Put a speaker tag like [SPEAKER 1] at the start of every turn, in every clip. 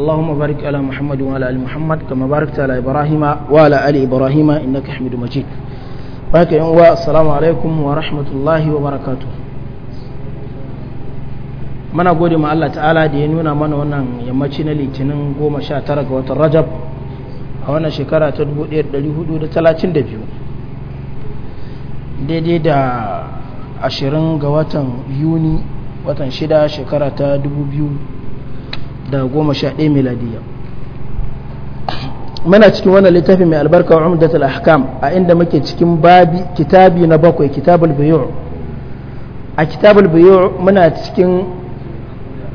[SPEAKER 1] اللهم بارك على محمد وعلى ال محمد كما باركت على ابراهيم وعلى ال ابراهيم انك mana gode ma Allah ta'ala da ya nuna mana wannan yammaci na litinin 19 ga watan Rajab a wannan shekara ta biyu. daidai da ashirin ga watan Yuni watan 6 shekara ta 2000 da goma sha ɗaya miladiya muna cikin wannan littafi mai albarka wa al ahkam a inda muke cikin babi kitabi na bakwai kitabul bayu a kitabul bayu muna cikin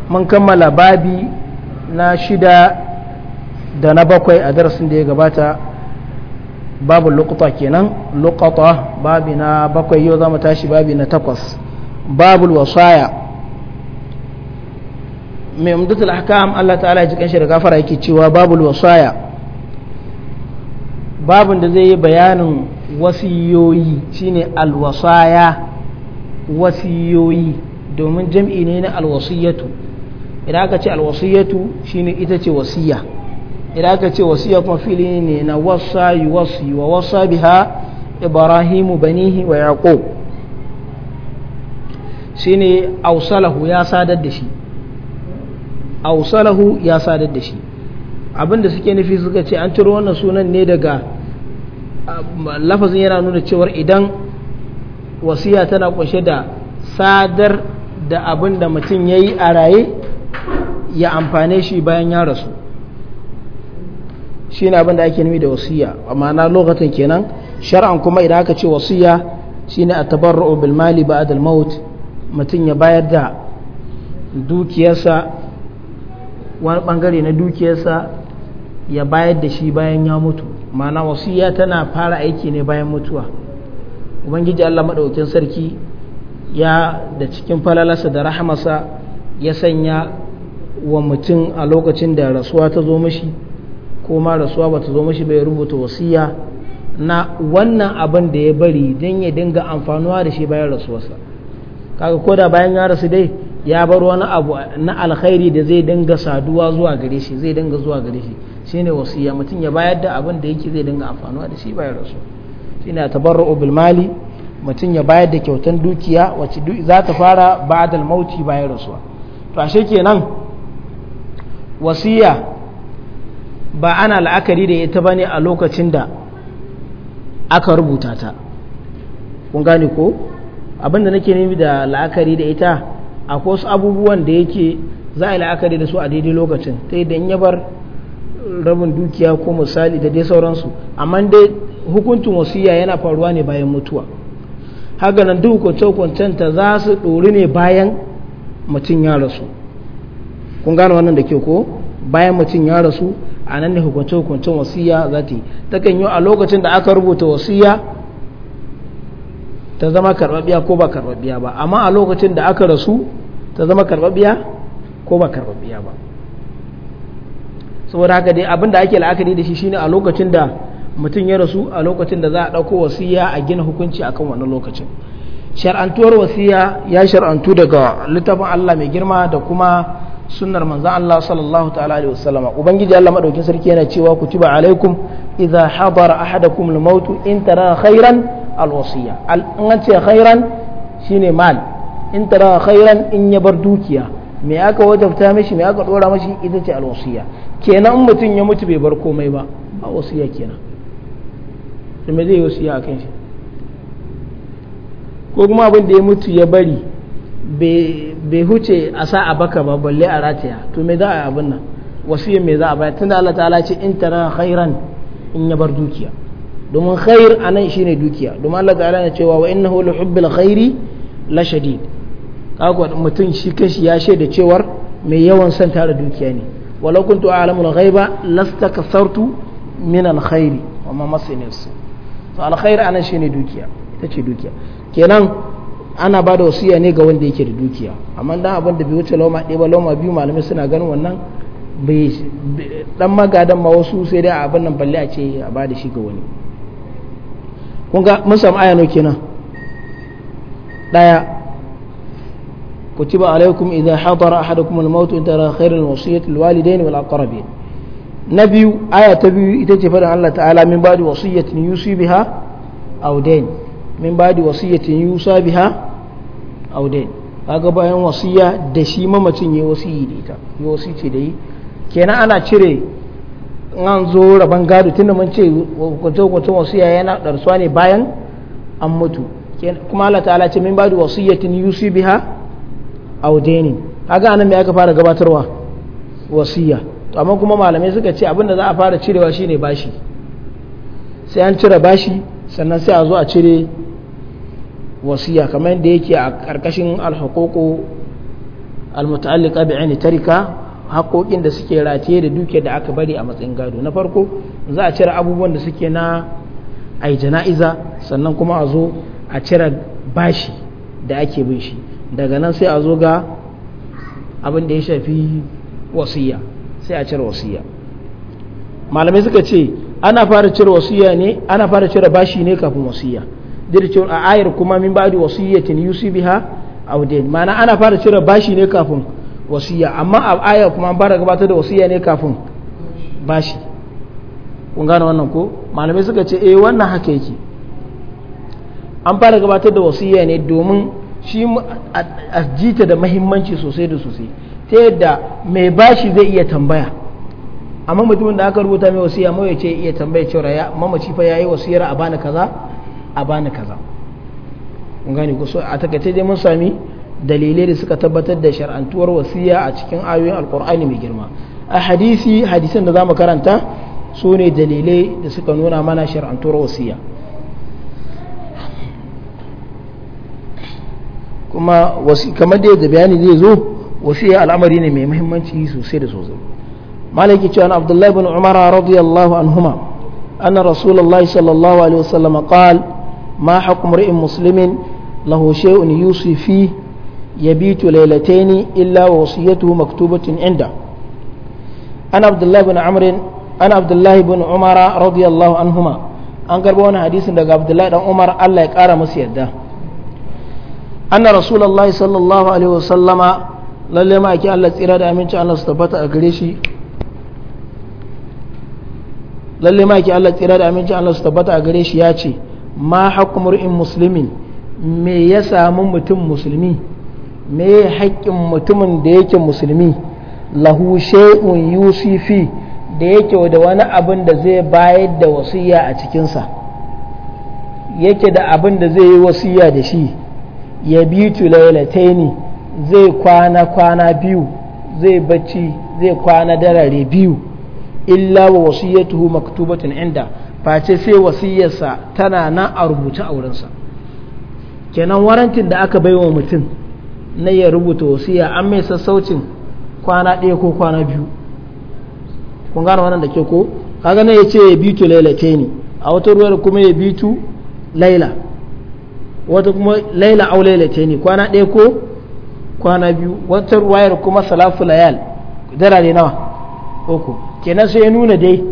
[SPEAKER 1] mun kammala babi na shida da na bakwai a darasin da ya gabata babu luqata kenan luqata babi na bakwai yau za tashi babi na takwas babul wasaya mai umdatul ahkam Allah ta'ala ya ji shi da gafara yake cewa babul wasaya babun da zai yi bayanin wasiyoyi shine alwasaya wasiyoyi domin jam'i ne na alwasiyatu idan aka ce alwasiyatu shine ita ce wasiya idan aka ce wasiya kuma fili ne na wasa wasi wa wasa biha ibrahimu banihi wa yaqub shine ausalahu ya sadar da shi awsalahu ya sadar da shi abin da suke nufi suka ce an ciro wannan sunan ne daga ah, lafazin yana nuna cewar idan wasiya tana kunshe da sadar da abin da mutum ya yi a raye ya amfane shi bayan ya rasu shi ne abin da ake nufi da wasiya amma na lokacin kenan shar'an kuma idan aka ce wasiya ne a tabar bil mali al maut mutum ya bayar da dukiyarsa wani bangare na dukiyarsa ya bayar da shi bayan ya mutu ma'ana wasiya tana fara aiki ne bayan mutuwa ubangiji allah maɗaukin sarki ya da cikin falalarsa da rahamarsa ya sanya wa mutum a lokacin da rasuwa ta zo mashi ko ma rasuwa ba ta zo mashi bai rubuta wasiya na wannan abin da ya bari don ya dinga amfanuwa da shi bayan rasuwarsa kaga ko da bayan ya rasu dai ya bar wani abu na alkhairi da zai dinga saduwa zuwa gare shi zai dinga zuwa gare shi shine wasiya mutum ya bayar da abin da yake zai dinga amfanuwa da shi bayar bayan rasu shine tabarru'u bil mali mutum ya bayar da kyautan dukiya wacce za ta fara ba'dal mauti bayar da su to ashe kenan wasiya ba ana la'akari da ita bane a lokacin da aka rubuta ta kun gane ko abin da nake nufi da la'akari da ita akwai wasu abubuwan da yake za a yi la'akari da su a daidai lokacin ta yadda ya bar rabin dukiya ko misali da dai sauransu amma dai hukuncin wasiya yana faruwa ne bayan mutuwa haka nan duk hukunce ta za su ɗori ne bayan mutum ya rasu kun gane wannan da ke ko bayan mutum ya rasu a nan ne hukuncen wasiya za ta yi takan yi a lokacin da aka rubuta wasiya ta zama karɓaɓɓiya ko ba karɓaɓɓiya ba amma a lokacin da aka rasu ta zama karɓaɓɓiya ko ba karɓaɓɓiya ba saboda haka dai abin da ake la'akari da shi shine a lokacin da mutum ya rasu a lokacin da za a ɗauko wasiya a gina hukunci akan wannan lokacin shar'antuwar wasiya ya shar'antu daga littafin Allah mai girma da kuma sunnar manzan Allah sallallahu ta'ala alaihi wasallama ubangiji Allah madaukin sarki yana cewa kutiba alaikum idza hadara ahadakum al-maut in tara khairan alwasiya an ce khairan shine mal in tara khairan in ya bar dukiya me aka wajabta mishi me aka dora mishi ita ce alwasiya kenan in mutum ya mutu bai bar komai ba ba wasiya kenan to me zai wasiya a kan shi ko kuma abin da ya mutu ya bari bai huce a sa a baka ba balle a rataya to me za a yi abin nan wasiyan me za a bayar tunda Allah ta'ala ce in tara khairan in ya bar dukiya domin khair shi ne dukiya domin Allah ta'ala na cewa wa innahu li hubbil khairi la shadid kaga mutum shi kashi ya shaida cewar mai yawan son tara dukiya ne walau kuntu a'lamu al-ghaiba lastakasartu min al-khairi wa ma masani su to al-khair anan ne dukiya tace dukiya kenan ana ba da wasiya ne ga wanda yake da dukiya amma dan abin da bai wuce lawma ɗaya ba lawma biyu malamai suna ganin wannan bai dan magadan ma wasu sai dai abin nan balle a ce a ba da shi ga wani kunga masa ma aya ya wakilina ɗaya ku alaikum idan hadara da ra'aha da kuma lu maitu da ra'aheran wasu yadda na biyu aya ta biyu ita ce fadin allah ta'ala min ba du wasu yadda yunusa biya min ba du wasu yadda yunusa biya kaga baya wasu da shi mamacin yi wasu yi yi da yi yana ana cire. an zo rabon gado tunda mun ce kwato-kwato wasu yaya yana ɗarsuwa ne bayan an mutu kuma Allah ta'ala ce min badu wasiyyatin yusi biha aw a ga anan me aka fara gabatarwa wasiya to amma kuma malamai suka ce abinda za a fara cirewa shine bashi sai an cire bashi sannan sai a zo a cire wasiya kamar yadda yake a karkashin alhaƙoƙo almuta'alliqa bi'aini tarika haƙoƙin da suke rataye da dukiyar da aka bari a matsayin gado na farko za a cire abubuwan da suke na a jana'iza sannan kuma a zo a cire bashi da ake bin shi daga nan sai a zo ga abin da ya shafi wasiya sai a cire wasiya malamai suka ce ana fara cire wasiya ne ana fara cire bashi ne kafin wasiya dirce a ayar kuma min tun wasiyatin yusi biha aw ma'ana ana fara cire bashi ne kafin wasiya amma a aya kuma an fara gabatar da wasiya ne kafin bashi kun gane wannan ko malamai suka ce eh wannan haka yake an fara gabatar da wasiya ne domin shi a jita da mahimmanci sosai da sosai ta yadda mai bashi zai iya tambaya amma mutumin da aka rubuta mai wasiya mai ce iya tambaya cewa ya mamaci fa yayi wasiyar a bani kaza a bani kaza kun gane ko so a takaice dai mun sami dalilai da suka tabbatar da shar'antuwar wasiya a cikin ayoyin alkur'ani mai girma a hadisi hadisan da za mu karanta su ne dalilai da suka nuna mana shar'antuwar wasiya kuma kamar da yadda bayani zai zo wasiya al'amari ne mai muhimmanci sosai da sosai malaki cewa abdullahi bin umara radiyallahu anhuma anna rasulullahi sallallahu alaihi wasallam qala ma hukmu ri'in muslimin lahu shay'un yusi يبيت ليلتين إلا وصيته مكتوبة عنده أنا عبد الله بن عمرو أنا عبد الله بن عمر رضي الله عنهما an karɓo wani hadisin daga abdullahi dan umar allah ya ƙara musu yadda anna rasulullahi sallallahu alaihi wasallama lalle ma tabbata a gare shi ma ake allah tsira da aminci allah su a gare shi ya ce ma hakumar in musulmin me ya samu mutum musulmi me haƙƙin mutumin da yake musulmi lahu shay'un yusifi da yake da wani abin da zai bayar da wasiya a cikinsa yake da abin da zai yi wasiya da shi ya bitu lailataini zai kwana kwana biyu zai bacci zai kwana darare biyu illa wa wasiyatuhu maktubatun inda face sai wasiyarsa tana nan a rubuce a wurinsa kenan warantin da aka baiwa mutum na ya rubuta wasiya an mai sassaucin kwana ɗaya ko kwana biyu kun gane wannan da ke ko kaga na ya ce ya tu laila ce ni a wata ruwar kuma ya tu laila wata kuma laila au laila ce ni kwana ɗaya ko kwana biyu wata ruwayar kuma salafu layal ne nawa uku kenan sai ya nuna dai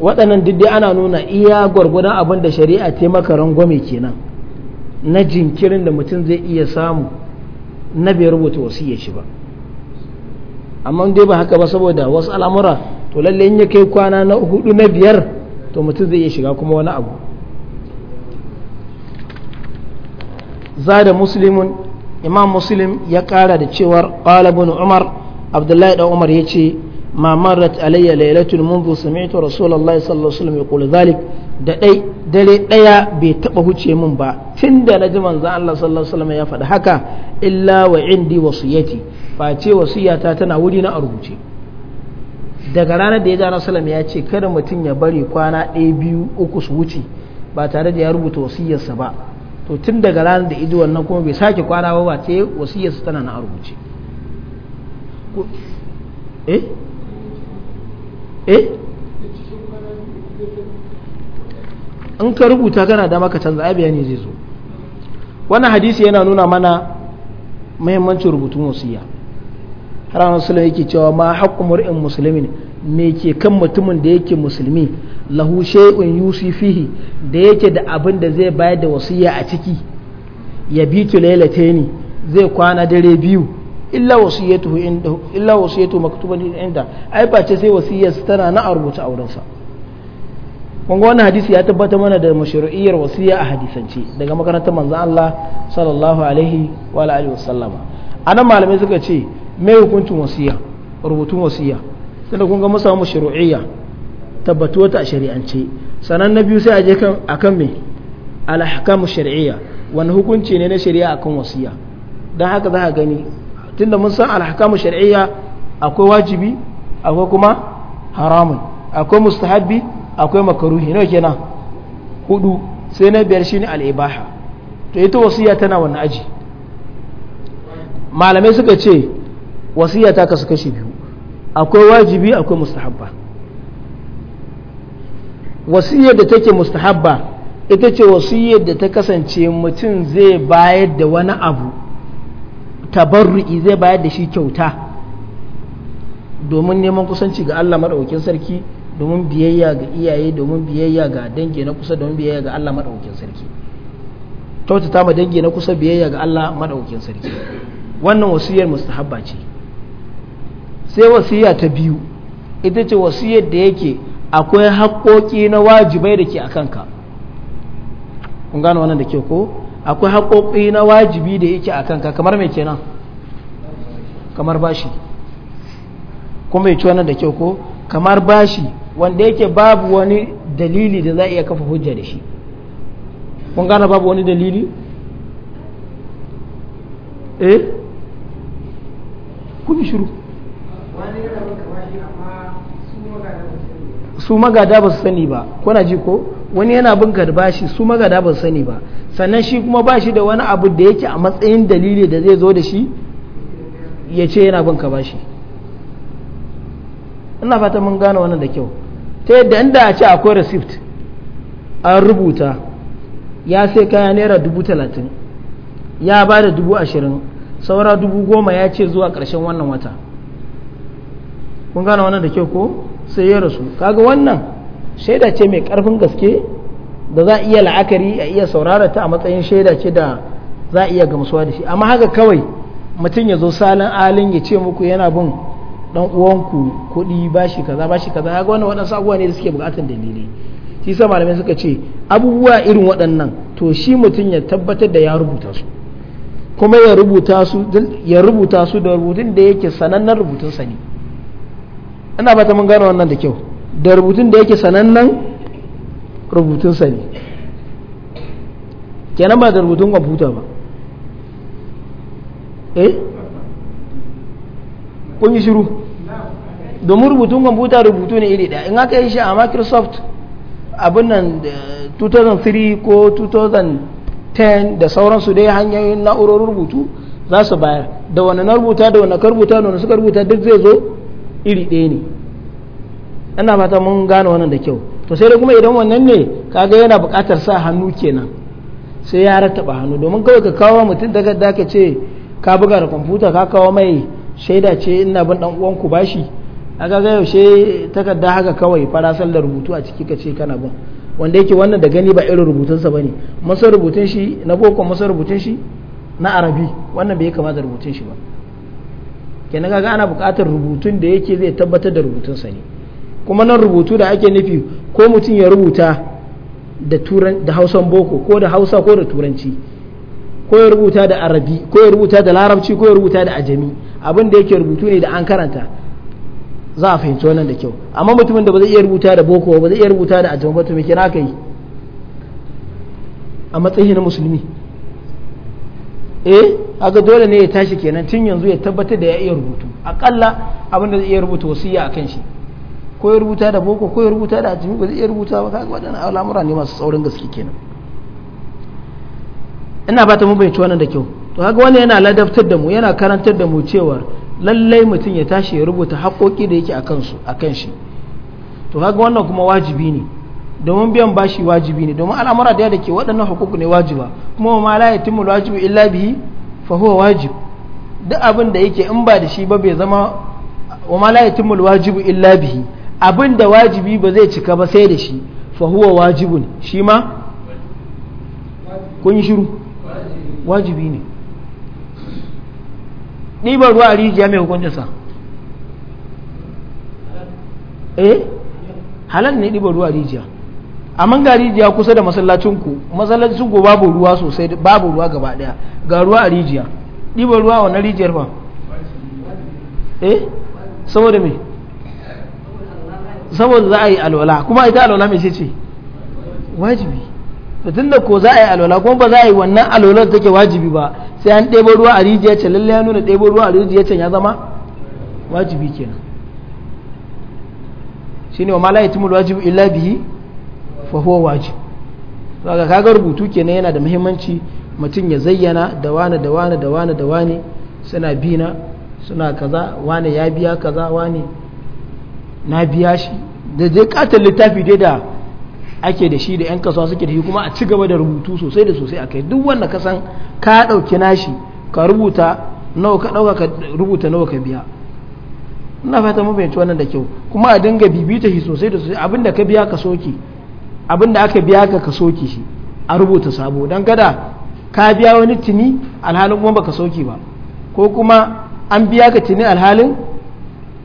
[SPEAKER 1] waɗannan duk ana nuna iya gwargwadon abin da shari'a ta maka rangwame kenan na jinkirin da mutum zai iya samu na bai rubuta wasiyar shi ba amma dai ba haka ba saboda wasu al'amura to lalle in ya kai kwana na hudu na biyar to mutum zai iya shiga kuma wani abu zada muslimun imam muslim ya kara da cewar qala umar abdullahi da umar ce ma marrat alayya lailatul منذ samitu رسول الله صلى الله عليه وسلم da ɗai dare ɗaya bai taɓa huce min ba tun da na ji manzo Allah sallallahu alaihi wasallam ya faɗi haka illa wa indi wasiyati face wasiyata tana wuri na a rubuce daga ranar da ya ji sallam ya ce kada mutum ya bari kwana ɗaya biyu uku su wuce ba tare da ya rubuta wasiyarsa ba to tun daga ranar da ido wannan kuma bai sake kwana ba ba ce wasiyarsa tana na a rubuce eh eh in ka rubuta kana da maka canza ai bayani zai zo wannan hadisi yana nuna mana muhimmancin rubutun wasiya har an sallallahu yake cewa ma haqqu mur'in muslimin me ke kan mutumin da yake musulmi lahu shay'un yusi fihi da yake da abin da zai bayar da wasiya a ciki ya bi tu lailataini zai kwana dare biyu illa wasiyatu inda illa wasiyatu maktuban inda ai ba ce sai wasiyar tana na a rubuta aurensa kunga wannan hadisi ya tabbata mana da mashru'iyyar wasiya a hadisance daga makarantar manzon Allah sallallahu alaihi wa alihi wasallama anan malamai suka ce me hukuncin wasiya rubutun wasiya tunda kun ga mun mashru'iyya tabbatuwa ta shari'ance sanan na biyu sai a je kan akan me al-ahkamu shar'iyya wani hukunci ne na shari'a akan wasiya dan haka za ka gani tunda mun san al-ahkamu shar'iyya akwai wajibi akwai kuma haramun akwai mustahabbi akwai makaruhi nawa kenan hudu sai na biyar shine al'ibaha to ita wasiya tana wani aji malamai suka ce wasiya ta kasu kashi biyu akwai wajibi akwai mustahabba wasiyar da take mustahabba ita ce wasiyar da ta kasance mutum zai bayar da wani abu tabarru'i zai bayar da shi kyauta domin neman kusanci ga Allah maɗaukin sarki domin biyayya ga iyaye domin biyayya ga dangi na kusa domin biyayya ga Allah madaukakin sarki kyautata ma dangi na kusa biyayya ga Allah madaukakin sarki wannan wasiyar mustahabba ce sai wasiya ta biyu ita ce wasiyar da yake akwai haƙoƙi na wajibai da ke a kanka kun gano wannan da ke ko akwai haƙoƙi na wajibi da yake a kanka kamar mai kenan kamar bashi kuma ya ci wannan da ke ko kamar bashi wanda yake babu wani dalili da za a iya kafa hujja da shi kun gane babu wani dalili eh kun shiru su magada ba su sani ba kuna ji ko wani yana bin bashi su magada ba su sani ba sannan shi kuma bashi da wani abu da yake a matsayin dalili da zai zo da shi ya ce yana bin ka bashi ina fata mun gane wannan da kyau ta yadda inda a ce akwai receipt an rubuta ya sai kaya naira dubu talatin ya ba da dubu ashirin saura dubu goma ya ce zuwa ƙarshen wannan wata kun gane wannan da ke ko sai ya rasu kaga wannan shaida ce mai ƙarfin gaske da za a iya la'akari a iya saurara ta a matsayin shaida ce da za a iya gamsuwa da shi amma haka kawai mutum ya zo salin alin ya ce muku yana bin dan uwanku kuɗi bashi kaza bashi kaza ga wannan waɗansu abubuwa ne da suke buƙatar dalilai shi sa malamai suka ce abubuwa irin waɗannan to shi mutum ya tabbatar da ya rubuta su kuma ya rubuta su ya rubuta su da rubutun da yake sanannen rubutun sa ne ina ba ta mun gano wannan da kyau da rubutun da yake sanannen rubutun sa ne kenan ba da rubutun kwamfuta ba eh kun yi shiru domin rubutun kwamfuta rubutu ne iri ɗaya in aka yi shi a microsoft abin nan 2003 ko 2010 da sauransu dai hanyoyin na'urar rubutu za su bayar da wani na rubuta da wani karbuta da wani suka rubuta duk zai zo iri ɗaya ne ana fata mun gane wannan da kyau to sai dai kuma idan wannan ne kaga yana bukatar sa hannu kenan sai ya rattaba hannu domin kawai ka kawo mutum daga da ka ce ka buga da kwamfuta ka kawo mai shaida ce ina bin dan uwan ku bashi a ga yaushe takarda haka kawai farasal da rubutu a ciki kace kana bin wanda yake wannan da gani ba irin rubutunsa bane masa rubutun shi na boko masa rubutun shi na arabi wannan bai kamata rubutun shi ba kenan kaga ana buƙatar rubutun da yake zai tabbatar da rubutunsa ne kuma nan rubutu da ake nufi ko mutum ya rubuta da turan da hausan boko ko da hausa ko da turanci ko ya rubuta da arabi ko ya rubuta da larabci ko ya rubuta da ajami abin da yake rubutu ne da an karanta za a fahimci wannan da kyau amma mutumin da ba zai iya rubuta da boko ba zai iya rubuta da ajiyar ba mai kira ka yi a matsayin na musulmi eh aga dole ne ya tashi kenan tun yanzu ya tabbatar da ya iya rubutu akalla abin da zai iya rubuta wasiya a kan shi ko ya rubuta da boko ko ya rubuta da ajiyar ba zai iya rubuta ba kaga waɗannan al'amura ne masu tsaurin gaske kenan ina ba ta mun bayyana wannan da kyau to haka wani yana ladabtar da mu yana karantar da mu cewar lallai mutum ya tashi ya rubuta haƙoƙi da yake a kan shi to haka wannan kuma wajibi ne domin biyan bashi wajibi ne domin al'amura da ke waɗannan hukuku ne wajiba kuma ma la yatimul wajibi illa bihi fa huwa wajib duk abin da yake in ba da shi ba bai zama wa ma la yatimul wajibi illa bihi abin da wajibi ba zai cika ba sai da shi fa huwa wajibun shi ma kun yi shiru wajibi ne ɗiban ruwa a rijiya mai hukuncinsa eh halal ne ɗiban ruwa a rijiya amma ga rijiya kusa da masallacinku masallacinku babu ruwa sosai babu ruwa gaba ɗaya ga ruwa a rijiya ɗiban ruwa a wannan rijiyar ba eh saboda me saboda za a yi alwala kuma ita alwala mai ce ce wajibi da tunda ko za a yi alwala kuma ba za a yi wannan alwalar take wajibi ba sai an ɗebo ruwa a rijiya can lalle ya nuna ɗebo ruwa a rijiya can ya zama wajibi kenan shine wa ma la yatimul wajibu illa bihi fa huwa wajib kaga kaga rubutu kenan yana da muhimmanci mutum ya zayyana da wane da wane da wane da wane suna bina suna kaza wane ya biya kaza wane na biya shi da dai katon littafi dai da ake da shi da 'yan kasuwa suke da shi kuma a ci gaba da rubutu sosai da sosai a kai duk wanda ka san ka ɗauki nashi ka rubuta nawa ka ɗauka ka rubuta nawa ka biya ina fata mun fahimci wannan da kyau kuma a dinga bibita shi sosai da sosai abinda ka biya ka soke abinda aka biya ka ka soke shi a rubuta sabo dan kada ka biya wani tuni alhalin kuma baka soke ba ko kuma an biya ka tuni alhalin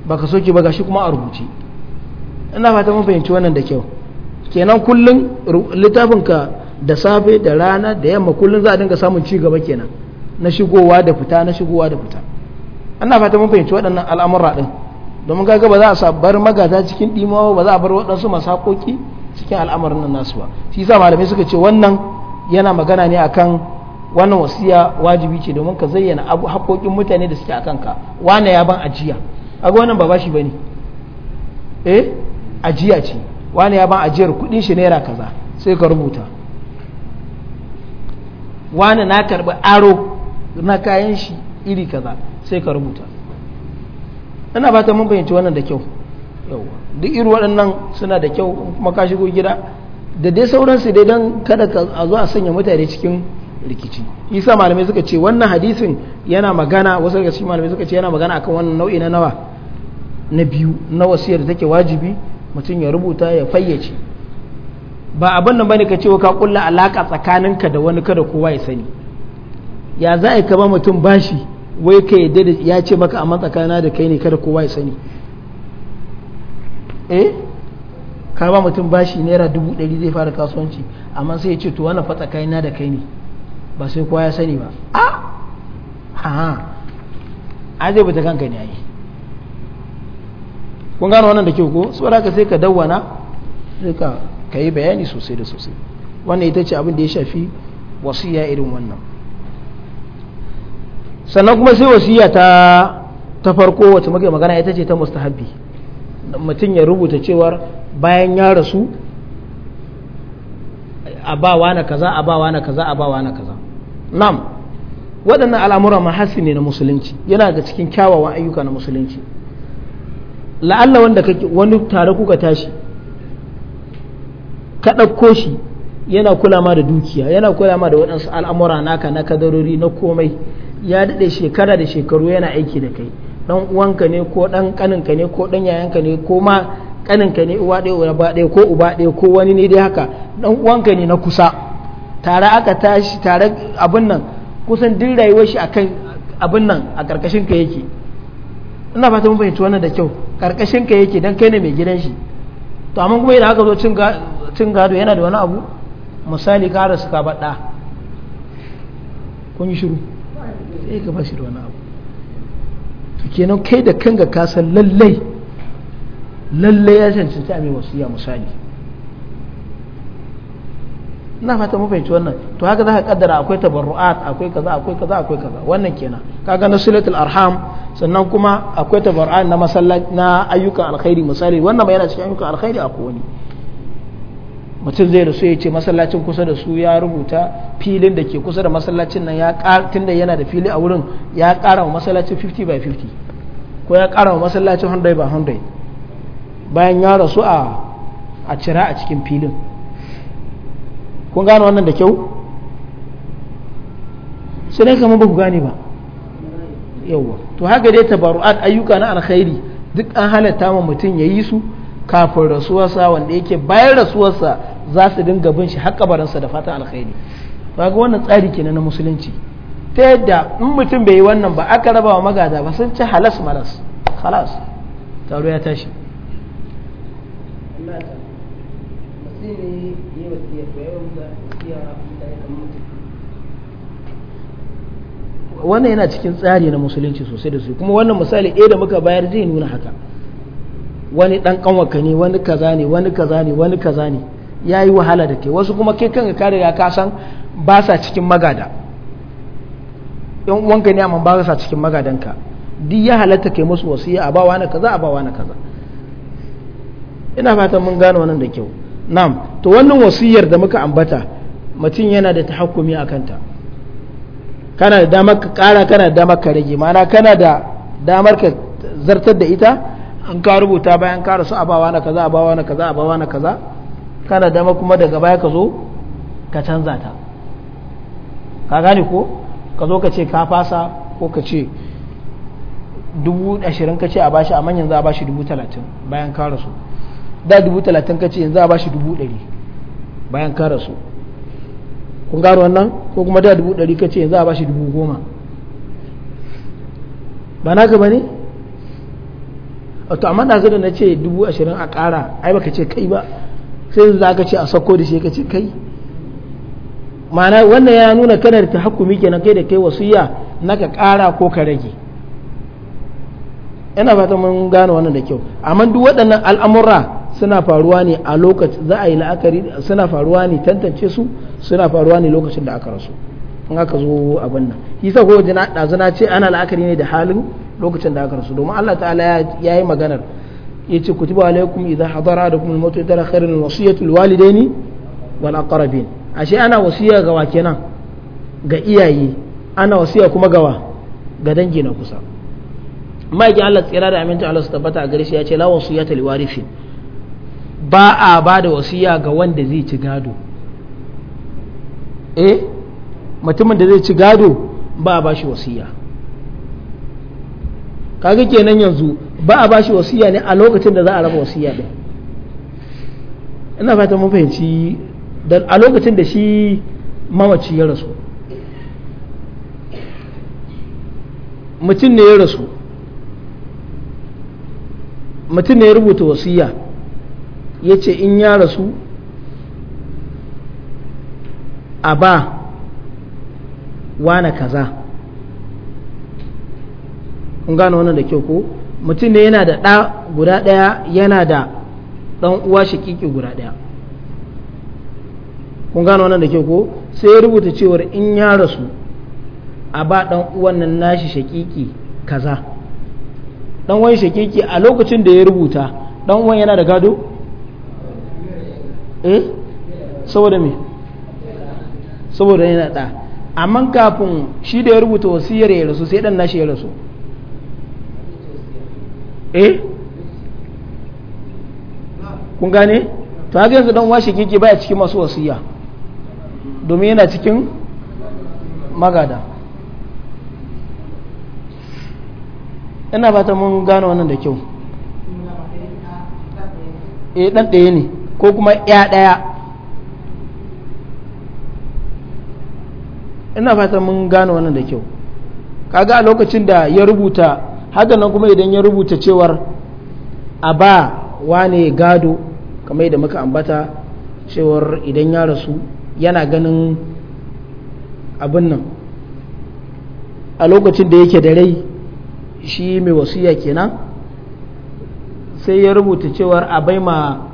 [SPEAKER 1] baka soke ba gashi kuma a rubuce ina fata mun fahimci wannan da kyau kenan kullum littafinka da safe da rana da yamma kullum za a dinga samun ci gaba kenan na shigowa da fita na shigowa da fita ana fata mun fahimci waɗannan al'amura ɗin domin kaga ba za a bar magata cikin ɗimawa ba za a bar waɗansu masu haƙoƙi cikin al'amarin nan nasu ba shi yasa malamai suka ce wannan yana magana ne akan wannan wasiya wajibi ce domin ka zayyana abu haƙoƙin mutane da suke akan ka wane ya ban ajiya kaga wannan ba bashi bane eh ajiya ce wani ya ban ajiyar kudin shi naira kaza sai ka rubuta wani na karbi aro na kayan shi iri kaza sai ka rubuta ina fata mun fahimci wannan da kyau yawa duk irin waɗannan suna da kyau kuma ka shigo gida da dai sauransu dai don kada ka a zo a sanya mutane cikin rikici isa malamai suka ce wannan hadisin yana magana wasu daga cikin malamai suka ce yana magana akan wannan nau'i na nawa na biyu na wasiyar da take wajibi mutum ya rubuta ya fayyace ba abin nan bane ka ce ka kulla alaka tsakaninka da wani kada kowa ya sani ya za a kama mutum bashi wai ka yadda da ya ce maka amma tsakanina da kai ne kada kowa ya sani eh ka ba mutum bashi naira dubu ɗari zai fara kasuwanci amma sai ya ce to wannan fa tsakanina da kai ne ba sai kowa ya sani ba a ah! ha a zai bata kanka ne a yi kun gano wannan da kyau ko su ka sai ka dawwana sai ka yi bayani sosai da sosai wannan ita ce abin da ya shafi wasiya irin wannan sannan kuma sai wasiya ta ta farko wacce muke magana ita ce ta mustahabbi mutum ya rubuta cewar bayan ya rasu a wa na kaza a wa na kaza a wa na kaza nam waɗannan al'amuran mahassi ne na musulunci yana ga cikin kyawawan ayyuka na musulunci la'alla wanda kake wani tare kuka tashi ka ɗauko shi yana kula ma da dukiya yana kula ma da waɗansu al'amura naka na kadarori na komai ya daɗe shekara da shekaru yana aiki da kai ɗan uwanka ne ko ɗan ƙaninka ne ko ɗan yayanka ne ko ma ƙaninka ne uwa ɗaya uba ɗaya ko uba ɗaya ko wani ne dai haka ɗan uwanka ne na kusa tare aka tashi tare abin nan kusan duk rayuwar shi akan abin nan a ƙarƙashin ka yake ina fata mun fahimci wannan da kyau karkashin ka yake dan kai ne mai gidan shi to amma kuma idan aka zo cin gado yana da wani abu misali ka su ka baɗa kun yi shiru sai ka bashi da wani abu to kenan kai da kanka ka san lallai lallai ya cancanci ta mai wasiya misali ina fata mun fahimci wannan to haka za ka kaddara akwai tabarru'at akwai kaza akwai kaza akwai kaza wannan kenan kaga na silatul arham sannan kuma akwai tabar'an na masallaci na ayyukan alkhairi misali wannan ba yana cikin ayyukan alkhairi a kowani mutum zai rasu ya ce masallacin kusa da su ya rubuta filin da ke kusa da masallacin nan ya da yana da fili a wurin ya ƙara wa masallacin 50 by 50 ko ya ƙara wa masallacin 100 by 100 bayan ya rasu a a cira a cikin filin kun gane wannan da kyau sai dai kamar ba ku gane ba yawa to haka dai tabaru'at ayyuka na alkhairi duk an halatta ma mutum ya yi su kafin rasuwarsa wanda yake bayan rasuwarsa za su dinga bin shi baransa da fatan alkhairi haka wannan tsari kenan na musulunci ta yadda in mutum bai yi wannan ba aka raba wa magada ba sun ci halas malas halas taro ya tashi mutum ne da wannan yana cikin tsari na musulunci sosai da su kuma wannan misali ɗaya da muka bayar zai nuna haka wani ɗan kanwaka ne wani kaza ne wani kaza ne wani kaza ne ya yi wahala da ke wasu kuma kai kanka ka riga ka san ba sa cikin magada yan wanka ne amma ba sa cikin magadanka duk ya halatta kai musu wasiya a bawa na kaza a bawa na kaza ina fatan mun gane wannan da kyau na'am to wannan wasiyar da muka ambata mutum yana da tahakkumi a kanta kana da damar ka kara kana da damar ka rage ma'ana kana da damar ka zartar da ita an ka rubuta bayan ka rasu abawa na kaza abawa na kaza abawa na kaza kana dama kuma daga baya ka zo ka canza ta ka gane ko ka zo ka ce ka fasa ko ka ce dubu ashirin ka ce a bashi a manyan za a bashi dubu talatin bayan ka rasu da dubu talatin ka ce yanzu a bashi dubu ɗari bayan ka rasu kun gano wannan ko kuma da dubu ɗari kace yanzu a bashi dubu goma ba na ka bane to amma da da na ce dubu ashirin a ƙara ai baka ce kai ba sai za ka ce a sako da shi ka ce kai ma'ana wannan ya nuna kana da tahakkumi kenan kai da kai na ka ƙara ko ka rage ina fata mun gano wannan da kyau amma duk waɗannan al'amura suna faruwa ne a lokacin za a yi la'akari suna faruwa ne tantance su suna faruwa ne lokacin da aka rasu in aka zo abin nan yasa ko ɗazu na ce ana la'akari ne da halin lokacin da aka rasu domin Allah ta'ala ya yi maganar ya ce kutuba alaikum idza hadara da kuma mutu tara khairul wasiyatu lil walidaini wal aqrabin ashe ana wasiya ga wa kenan ga iyaye ana wasiya kuma gawa ga dangi na kusa ma'aikin Allah tsira da aminta Allah su tabbata a gare shi ya ce la wasiyata lil warithin ba a ba da wasiya ga wanda zai ci gado eh mutumin da zai ci gado ba a ba shi wasiya kaga kenan yanzu ba a ba shi wasiya ne a lokacin da za a raba wasiya din ina fata mun fahimci a lokacin da shi mamaci ya rasu mutum ne ya rasu mutum ne ya rubuta wasiya ya ce in ya rasu a ba wane kaza kun gane wannan da kyau ko mutum ne yana da ɗa guda ɗaya yana da ɗan uwa shakiki guda ɗaya kun gane wannan da kyau ko sai ya rubuta cewar in ya rasu a ba ɗan uwan nan nashi shaƙiƙi kaza ɗan uwan shaƙiƙi a lokacin da ya rubuta ɗan uwan yana da gado eh saboda me saboda yana da amma kafin shi da ya rubuta wasiyar ya rasu sai dan nashi ya rasu eh kun gane to haka yanzu dan washe kike baya cikin masu wasiya domin yana cikin magada ina fata mun gane wannan da kyau eh dan ɗaya ne ko kuma ya ɗaya ina fata mun gano wannan da kyau kaga a lokacin da ya rubuta haka nan kuma idan ya rubuta cewar a ba wane gado kamar yadda muka ambata cewar idan ya rasu yana ganin abin nan a lokacin da yake da rai shi mai wasiya kenan sai ya rubuta cewar a bai ma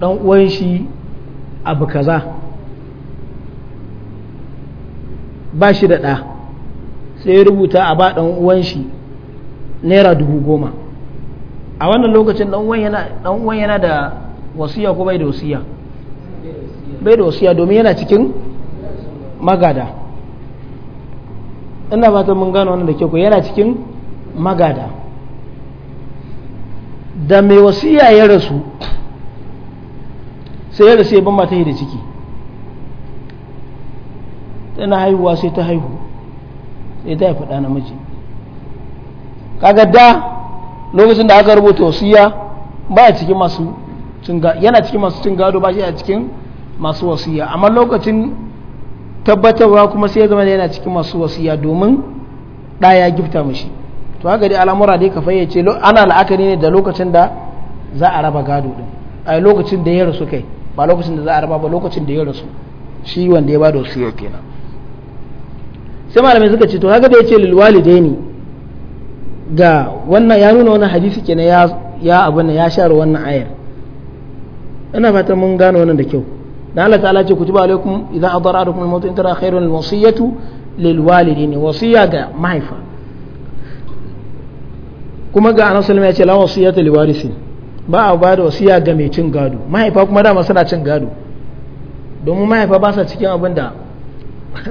[SPEAKER 1] dan uwan shi abu kaza ba shi da ɗa sai rubuta a ba dan uwan shi naira dubu goma a wannan lokacin dan uwan yana da wasiya ko bai da wasiya
[SPEAKER 2] bai da wasiya domin yana cikin
[SPEAKER 1] magada ina fatan mun gano wannan da ke ku yana cikin magada da mai wasiya ya rasu sai ya rasu ya ban mata da ciki tana haihuwa sai ta haihu sai ta haifi ɗa namiji kaga da lokacin da aka rubuta wasiya cikin masu yana cikin masu cin gado ba shi a cikin masu wasiya amma lokacin tabbatarwa kuma sai ya zama yana cikin masu wasiya domin ɗaya ya gifta mashi to haka dai al'amura dai ka fayyace ana la'akari ne da lokacin da za a raba gado din a lokacin da ya rasu kai ba lokacin da za a raba ba lokacin da ya rasu shi wanda ya bada wasiya kenan sai malamai suka ce to haka da yace lil ne ga wannan ya nuna wannan hadisi kenan ya ya abin ya share wannan ayar ina fatan mun gano wannan da kyau dan Allah ta'ala ce kutuba alaikum idan adara adukum al-maut in tara khairun al-wasiyatu lil walidaini wasiya ga mahaifa kuma ga annabi ya ce la wasiyata lil ba a ba da wasiya ga mai cin gado mahaifa kuma dama suna cin gado domin mahaifa ba sa cikin abin da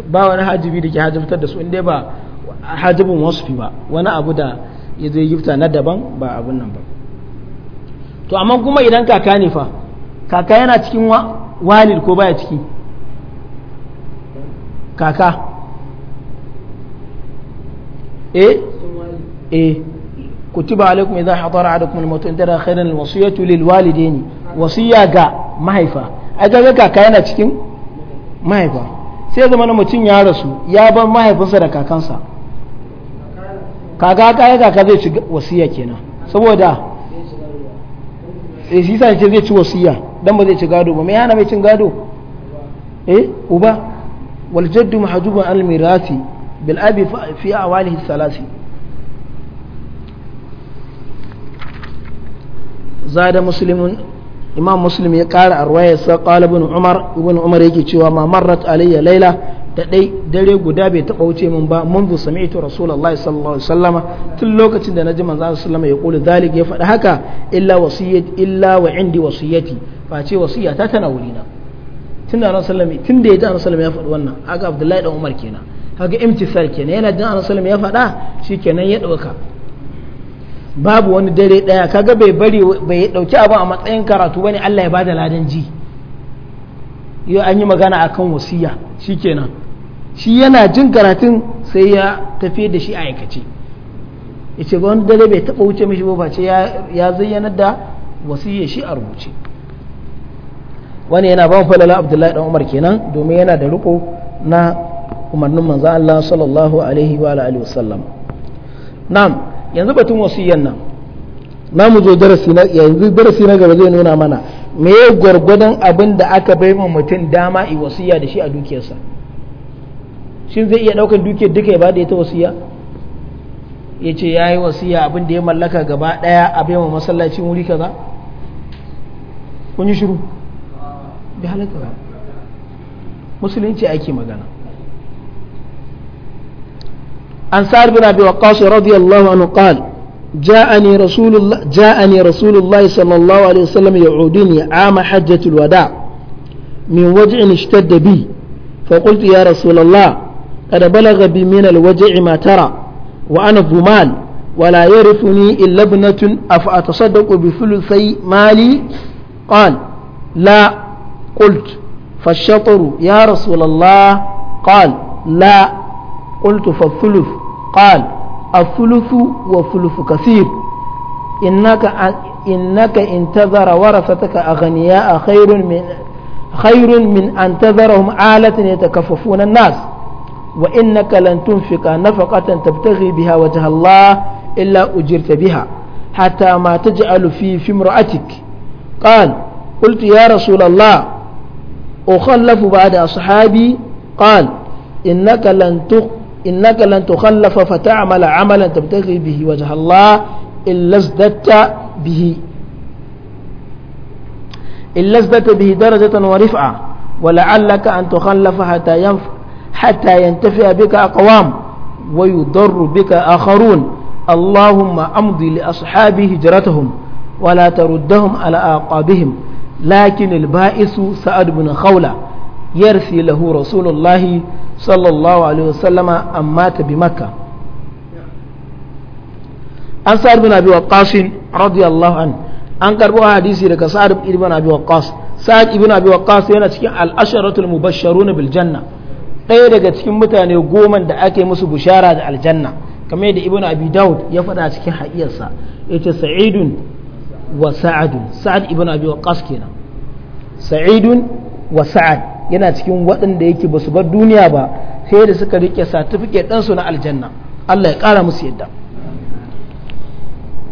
[SPEAKER 1] ba wani hajibi da ke hajibtar da su inda ba hajibin fi ba wani abu da ya zai gifta na daban ba abin nan ba to amma kuma idan kaka ne fa kaka yana cikin walil ko baya ciki kaka eh eh kutiba alaikum idza hadara ahadukum al-maut in tara khairan al-wasiyatu lil walidaini wasiya ga mahaifa a ga kaka yana cikin mahaifa sai zama na mutum ya rasu ya bar mahaifinsa da kakansa kaka kaya kaka zai ci wasiya kenan saboda eh shi sai zai ci wasiya dan ba zai ci gado ba me yana mai cin gado eh uba wal jaddu mahjubun al mirasi bil abi fi awalihi salasi zada muslimun imam muslim ya kara a ruwaya sa qala ibn umar ibn umar yake cewa ma marrat alayya laila da dai dare guda bai taba wuce min ba mun bu sami'tu rasulullahi sallallahu alaihi wasallama tun lokacin da naji manzo sallallahu ya kula zalik ya fada haka illa wasiyyat illa wa indi wasiyyati fa ce wasiyya ta tana wurina tunda annabi sallallahu tun da ya annabi sallallahu ya fada wannan haka abdullahi dan umar kenan haka imtisal kenan yana jin annabi sallallahu ya faɗa shikenan ya dauka babu wani dare ɗaya kaga bai bari bai dauki abin a matsayin karatu bane Allah ya bada ladan ji yo an yi magana akan wasiya shikenan shi yana jin karatun sai ya tafi da shi a aikace yace ba wani dare bai taba wuce mishi ba ce ya zayyana da wasiyar shi a rubuce wani yana ban falala Abdullahi dan Umar kenan domin yana da riko na umarnin manzo Allah sallallahu alaihi wa alihi wasallam na'am yanzu batun wasiyyan nan na mu zo darasi na yanzu darasi na gaba zai nuna mana me ya gwargwadon abin da aka bai ma mutum dama i wasiya da shi a dukiyarsa shi zai iya ɗaukar dukiyar duka ya bada ita wasiya ya ce ya yi wasiya abin da ya mallaka gaba daya a bai ma masallacin wuri kaza kun yi shiru bi halatta musulunci ake magana عن سعد بن أبي وقاص رضي الله عنه قال جاءني رسول الله جاءني رسول الله صلى الله عليه وسلم يعودني عام حجة الوداع من وجع اشتد بي فقلت يا رسول الله قد بلغ بي من الوجع ما ترى وأنا ظمان ولا يرثني إلا ابنة أفأتصدق بثلثي مالي قال لا قلت فالشطر يا رسول الله قال لا قلت فالثلث قال الثلث وثلث كثير إنك إنك إن تذر ورثتك أغنياء خير من خير من أن تذرهم عالة يتكففون الناس وإنك لن تنفق نفقة تبتغي بها وجه الله إلا أجرت بها حتى ما تجعل في في امرأتك قال قلت يا رسول الله أخلف بعد أصحابي قال إنك لن تخ إنك لن تخلف فتعمل عملا تبتغي به وجه الله إلا ازددت به إلا ازددت به درجة ورفعة ولعلك أن تخلف حتى ينف حتى ينتفع بك أقوام ويضر بك آخرون اللهم أمضي لأصحابي هجرتهم ولا تردهم على أعقابهم لكن البائس سعد بن خولة يرثي له رسول الله sallallahu alaihi wasallama amma ta bi makka an sa'ad bin abi waqqas radiyallahu an an karbo hadisi daga sa'ad ibn abi waqqas sa'ad ibn abi waqqas yana cikin al-asharatul mubashsharun bil janna ɗaya daga cikin mutane goma da ake musu bushara da aljanna kamar yadda ibn abi daud ya faɗa cikin haƙiyarsa yace sa'idun wa sa'adun sa'ad ibn abi waqqas kenan sa'idun wa sa'ad yana cikin waɗanda yake ba su bar duniya ba sai da suka rike satifiket ɗansu na aljanna Allah ya ƙara musu yadda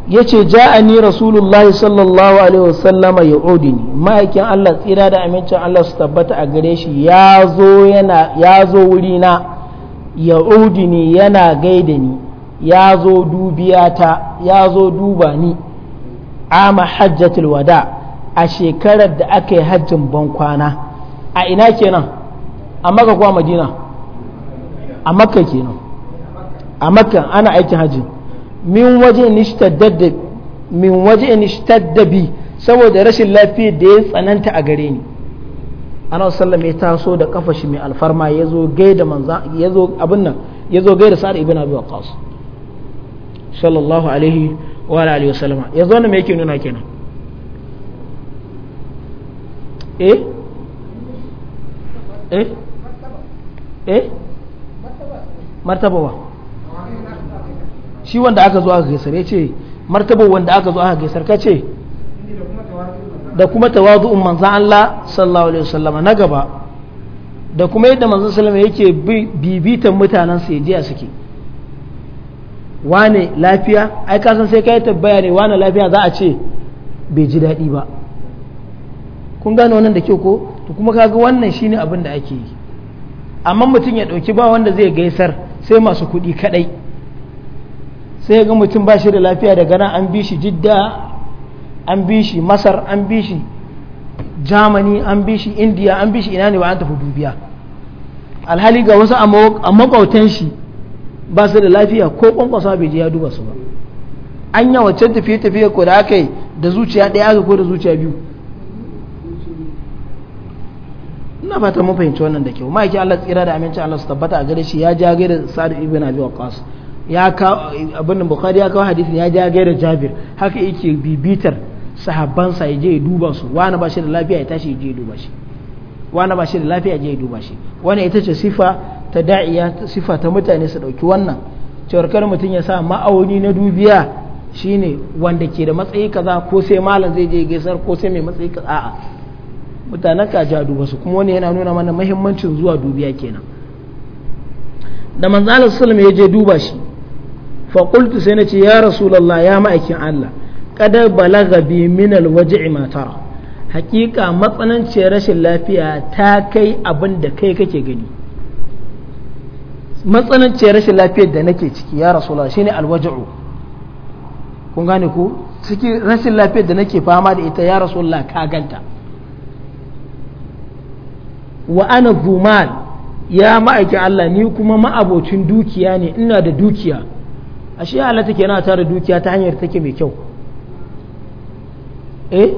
[SPEAKER 1] ya ce ja'ani rasulullah sallallahu alaihi wasallam ya odini ma'aikin Allah tsira da amincin Allah su tabbata a gare shi ya zo yana ya zo yana gaida ni ya zo dubiyata ya zo duba ni a hajjatul wada a shekarar da aka yi hajjin bankwana." kwana a ina kenan a maka kuwa madina a makka kenan a makka ana aikin hajji min waje nishtadda min waje bi saboda rashin lafiyar da ya tsananta a gare ni ana Sallama ya taso da kafa shi mai alfarma ya zo gaida manza ya zo abin nan ya zo gaida sa'ad ibn abi waqas sallallahu alaihi wa alihi wa sallama ya zo ne me yake nuna kenan eh eh eh martabawa shi wanda aka zo aka gaisar ya ce martaba wanda aka zo aka gaisar ka ce da kuma tawazu'un manzan Allah sallallahu alaihi wasallama na gaba da kuma yadda manzan sallama yake bibitan mutanen su je a suke wane lafiya ai ka san sai kai tabbaya ne wane lafiya za a ce bai ji daɗi ba kun gane wannan da kyau ko to kuma kaga wannan shine abin da ake yi amma mutum ya dauki ba wanda zai gaisar sai masu kuɗi kaɗai sai ga mutum ba shi da lafiya daga nan an bi shi jidda an bi shi masar an bi shi germany an bi shi india an bi shi ina ne ba an tafi dubiya alhali ga wasu a makwautan shi ba su da lafiya ko kwankwasa bai je ya duba su ba an yawancin tafiye-tafiye ko da aka yi da zuciya ɗaya aka ko da zuciya biyu ina fata mun fahimci wannan da kyau ma'aikin Allah tsira da amincin Allah su tabbata a gare shi ya ja gaida Sa'ad ibn Abi Waqqas ya ka abin Bukhari ya kawo hadisi ya ja da Jabir haka yake bibitar sahabbansa ya je ya duba su wani ba shi da lafiya ya tashi ya je ya duba shi wani ba shi da lafiya ya je ya duba shi wani ita ce sifa ta da'iya sifa ta mutane su dauki wannan cewar kar mutum ya sa ma'auni na dubiya shine wanda ke da matsayi kaza ko sai malam zai je gaisar ko sai mai matsayi kaza a'a mutanen ji a duba su kuma wani yana nuna mana mahimmancin zuwa dubiya kenan da manzala sulm ya je duba shi faƙultu sai na ce ya rasulallah ya ma'aikin allah kadar balaga bi min alwaji ma tara hakika matsananciyar rashin lafiya ta kai abin da kai kake gani matsananciyar rashin lafiyar da nake ciki ya rasulallah shine alwaji'u kun gane ku ciki rashin lafiyar da nake fama da ita ya rasulallah ka ganta wa ana zumal ya ma'aikin Allah ni kuma ma'abocin dukiya ne ina da dukiya ashe Allah take yana tara dukiya ta hanyar take mai kyau eh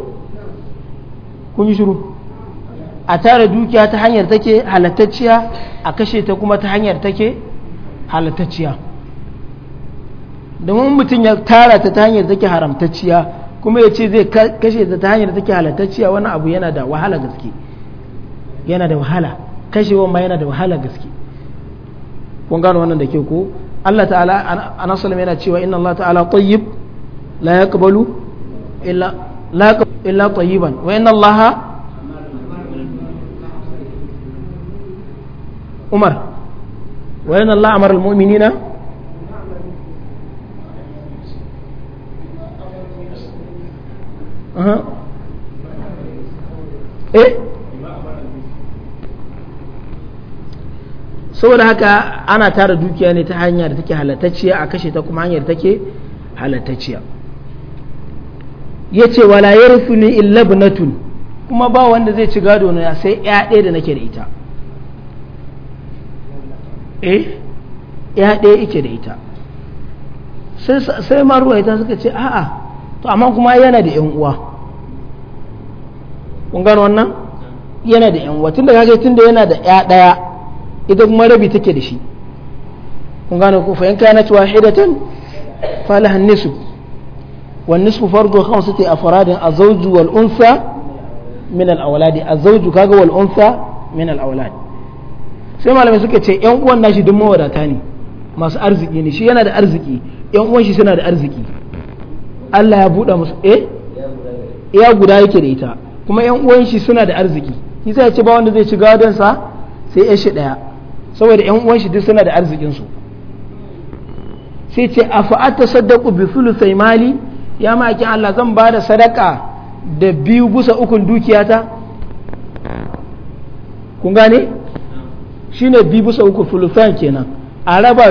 [SPEAKER 1] kun yi shiru a tara dukiya ta hanyar take halattacciya a kashe ta kuma ta hanyar take halattacciya domin mutum ya tara ta ta hanyar take haramtacciya kuma ya ce zai kashe ta ta hanyar take halattacciya wani abu yana da wahala gaske yana da wahala kashewa ma yana da wahala gaske kun gano wannan da ke ko Allah ta'ala Anasulam yana cewa inna Allah ta'ala tayyib la yaqbalu illa la illa tayyiban wa inna Allah Umar wa inna Allah amara al-mu'minina uh-huh. eh saboda haka ana tara dukiya ne ta hanya da take halattacciya a kashe ta kuma hanyar da take halattacciya ya ce wala ya ni illa bunatun kuma ba wanda zai ci gado na sai ya ɗaya da nake da ita eh ya ɗaya ike da ita sai maruwa ita suka ce a'a to amma kuma yana da yan uwa kun gano wannan yana da yan uwa tun da kage tun da yana da ya ɗaya idan kuma rabi take da shi kun gane ku fa in kanat wahidatan laha nisu wan nisu fardu khamsati afradin azawju wal unsa min al awladi azawju kaga wal unsa min al awladi sai malamai suka ce yan uwan nashi duk mawadata ne masu arziki ne shi yana da arziki yan uwan shi suna da arziki Allah ya buɗa musu eh ya guda yake da ita kuma yan uwan shi suna da arziki shi zai ci ba wanda zai ci gadon sa sai ya shi daya saboda yan uwan shi duk suna da arzikin su sai ce afa sadaqu bi thuluthi mali ya ma kin Allah zan ba da sadaka da biyu bisa ukun dukiyata kun gane shine biyu bisa uku thuluthan kenan a raba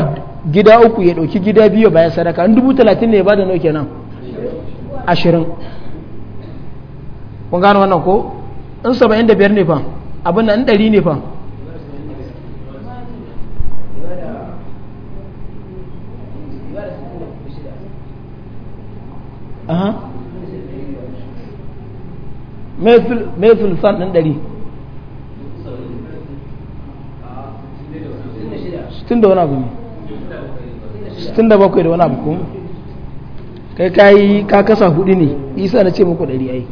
[SPEAKER 1] gida uku ya dauki gida biyu ya sadaka an dubu talatin ne ya bada nawa kenan ashirin kun gane wannan ko in saba'in da biyar ne fa abin nan ɗari ne fa mai ɗin ɗari sittin da wani abu ne sittin da bakwai da wani abu kuma kai kayi ka kasa hudu ne isa na ce muku ɗari ai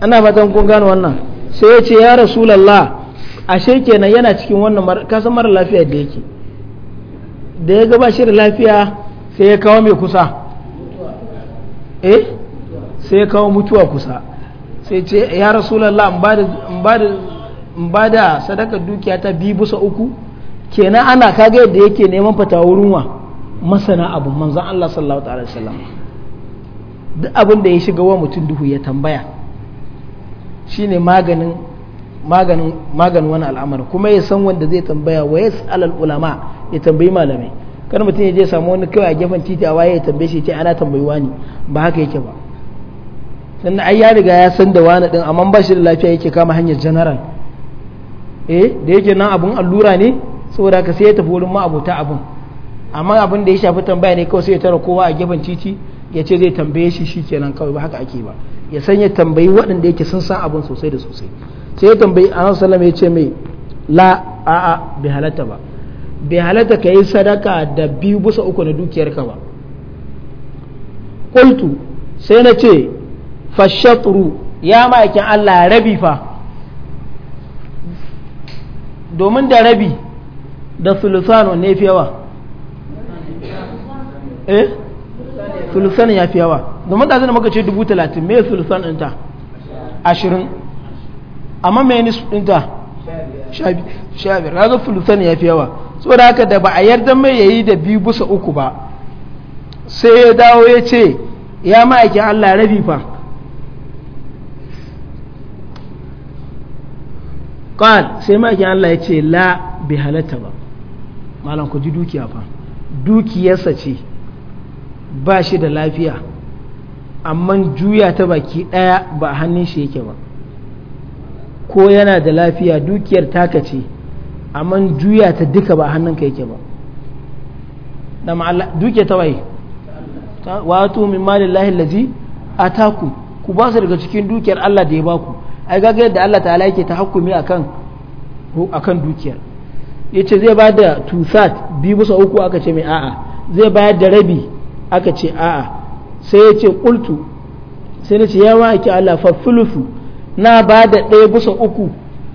[SPEAKER 1] ana fatan kun gano wannan sai ya ce ya rasulallah ashe kenan yana cikin wannan kasan mara lafiya da yake da ya gaba shi da lafiya sai ya kawo mai kusa eh sai ya kawo mutuwa kusa sai ce ya rasulallah in ba da sadakar dukiya ta biyu bisa uku kenan ana kaga yadda yake neman fata wurin wa masana abu manzan Allah sallallahu ta'ala wasallam duk abin da ya shiga wa mutum duhu ya tambaya shine maganin maganin wani al'amari kuma ya san wanda zai tambaya wa ya alal ulama ya tambayi malamai kar mutum ya je samu wani kawai a gefen titi a waye ya tambaye shi ce ana tambayuwa ne ba haka yake ba dan ai ya riga ya san da wani din amma ba shi da lafiya yake kama hanyar general eh da yake nan abun allura ne saboda ka sai ya tafi wurin abota abun amma abin da ya shafi tambaya ne kawai sai ya tara kowa a gefen titi ya ce zai tambaye shi shi kenan kawai ba haka ake ba ya san tambayi waɗanda yake sun san abin sosai da sosai sai ya tambayi anan salama ya ce mai la a'a bai halatta ba bai halatta ka yi sadaka da biyu bisa uku na dukiyarka ba kultu sai na ce fashatru ya ma'aikin Allah rabi fa domin da rabi da sulusano ne fi yawa eh sulusan ya fi yawa domin da zai maka ce dubu talatin me sulusan ɗinta ashirin amma me ni ɗinta sha biyar ragar sulusan ya fi yawa saboda haka da ba a yarda mai yayi da biyu busa uku ba sai ya dawo ya ce ya ma'aikin Allah rabi fa qal sai ma'aikin Allah ya ce la bi halatta ba malam ku ji dukiya fa dukiyarsa ce ba shi da lafiya amma juya ta baki daya ba hannun shi yake ba ko yana da lafiya dukiyar taka ce amma juya ta duka ba hannunka yake ba da ma'ala duke ta waye wa tu min malillahi allazi ataku ku ba su daga cikin dukiyar Allah da ya baku ai ga yadda Allah ta alaike ta hukumi akan akan dukiyar yace zai ba da tusat bi bisa uku aka ce mai a'a zai bayar da rabi aka ce a'a sai ya ce qultu sai na ce ya wa ki Allah fa fulufu na ba da ɗaya bisa uku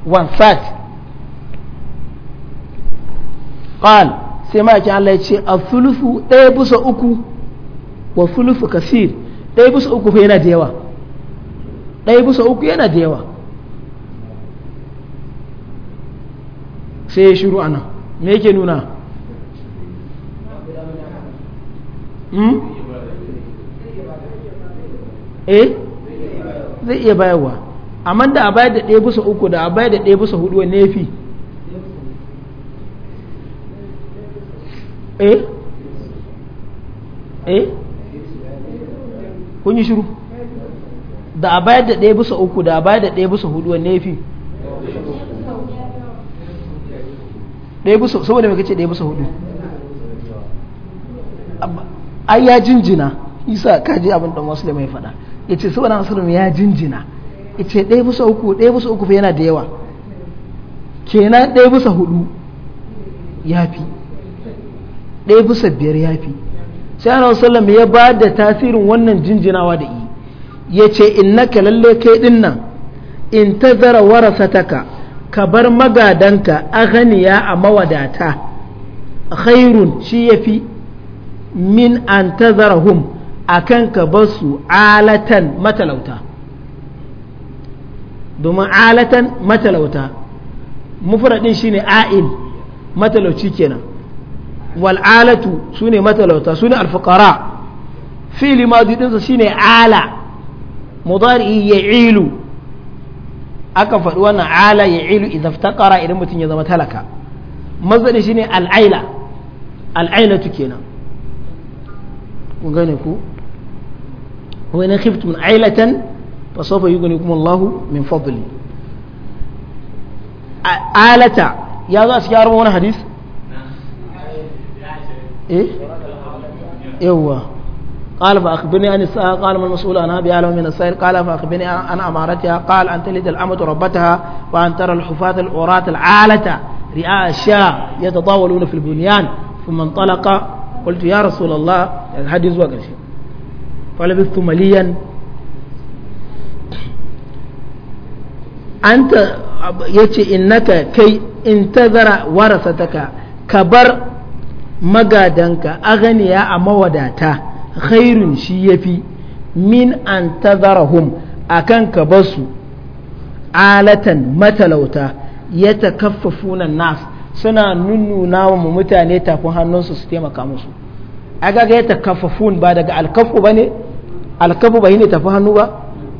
[SPEAKER 1] wan sat qal sai ma ki Allah ya ce a fulufu ɗaya bisa uku wa fulufu kasir ɗaya bisa uku fa yana da yawa ɗaya bisa uku yana da yawa sai ya shiru ana me yake nuna hmm? eh zai iya bayarwa amma da a bayar da ɗaya bisa uku da a bayar da ɗaya bisa hudu wa fi eh eh kun yi shiru da a bayar da ɗaya bisa uku da a bayar da ɗaya bisa hudu wanne fi
[SPEAKER 2] ɗaya bisa saboda mai kace ɗaya bisa hudu
[SPEAKER 1] ai ya jinjina isa ji abin da muslim mai faɗa ya ce saboda asirin ya jinjina ya ce ɗaya bisa uku ɗaya bisa uku yana da yawa kenan ɗaya bisa hudu ya fi ɗaya bisa biyar ya fi sai ana wasallam ya ba da tasirin wannan jinjinawa da iya ya ce innaka lalle kai dinnan in ta tazara warasataka ka bar magadanka aghniya a mawadata khairun shi ya fi min an ta zara hum a kan ka bar basu alatan matalauta domin alatan matalauta mufradin shine a'il matalauci kenan wal alatu sune matalauta sune alfuqara fi'li madidinsa shine ala mudari ya'ilu aka faɗi wannan ala ya ya'ilu idan iftaqara idan mutum ya zama talaka mazdari ne al'aila al'ailatu kenan kun gane ku wa in khiftum ailatan fa sawfa yughnikum Allahu min fadli alata ya zo a cikin wani hadis eh yawwa قال فأخبرني عن الساعة قال من المسؤول عنها بأعلم من السائل قال فأخبرني عن أمارتها قال أن تلد الأمة ربتها وأن ترى الحفاة العراة العالة رعاء الشاء يتطاولون في البنيان ثم انطلق قلت يا رسول الله الحديث يعني شيء فلبثت مليا أنت يتي إنك كي انتظر ورثتك كبر مقادنك أغنياء a khairun shi yafi min an tazarahum akan ka basu alatan matalauta ya takaffafuna nas suna nunnuna wa mutane tafin hannunsu su taimaka musu aga ga ya takaffafun ba daga alkafu bane alkafu ba ne tafi hannu ba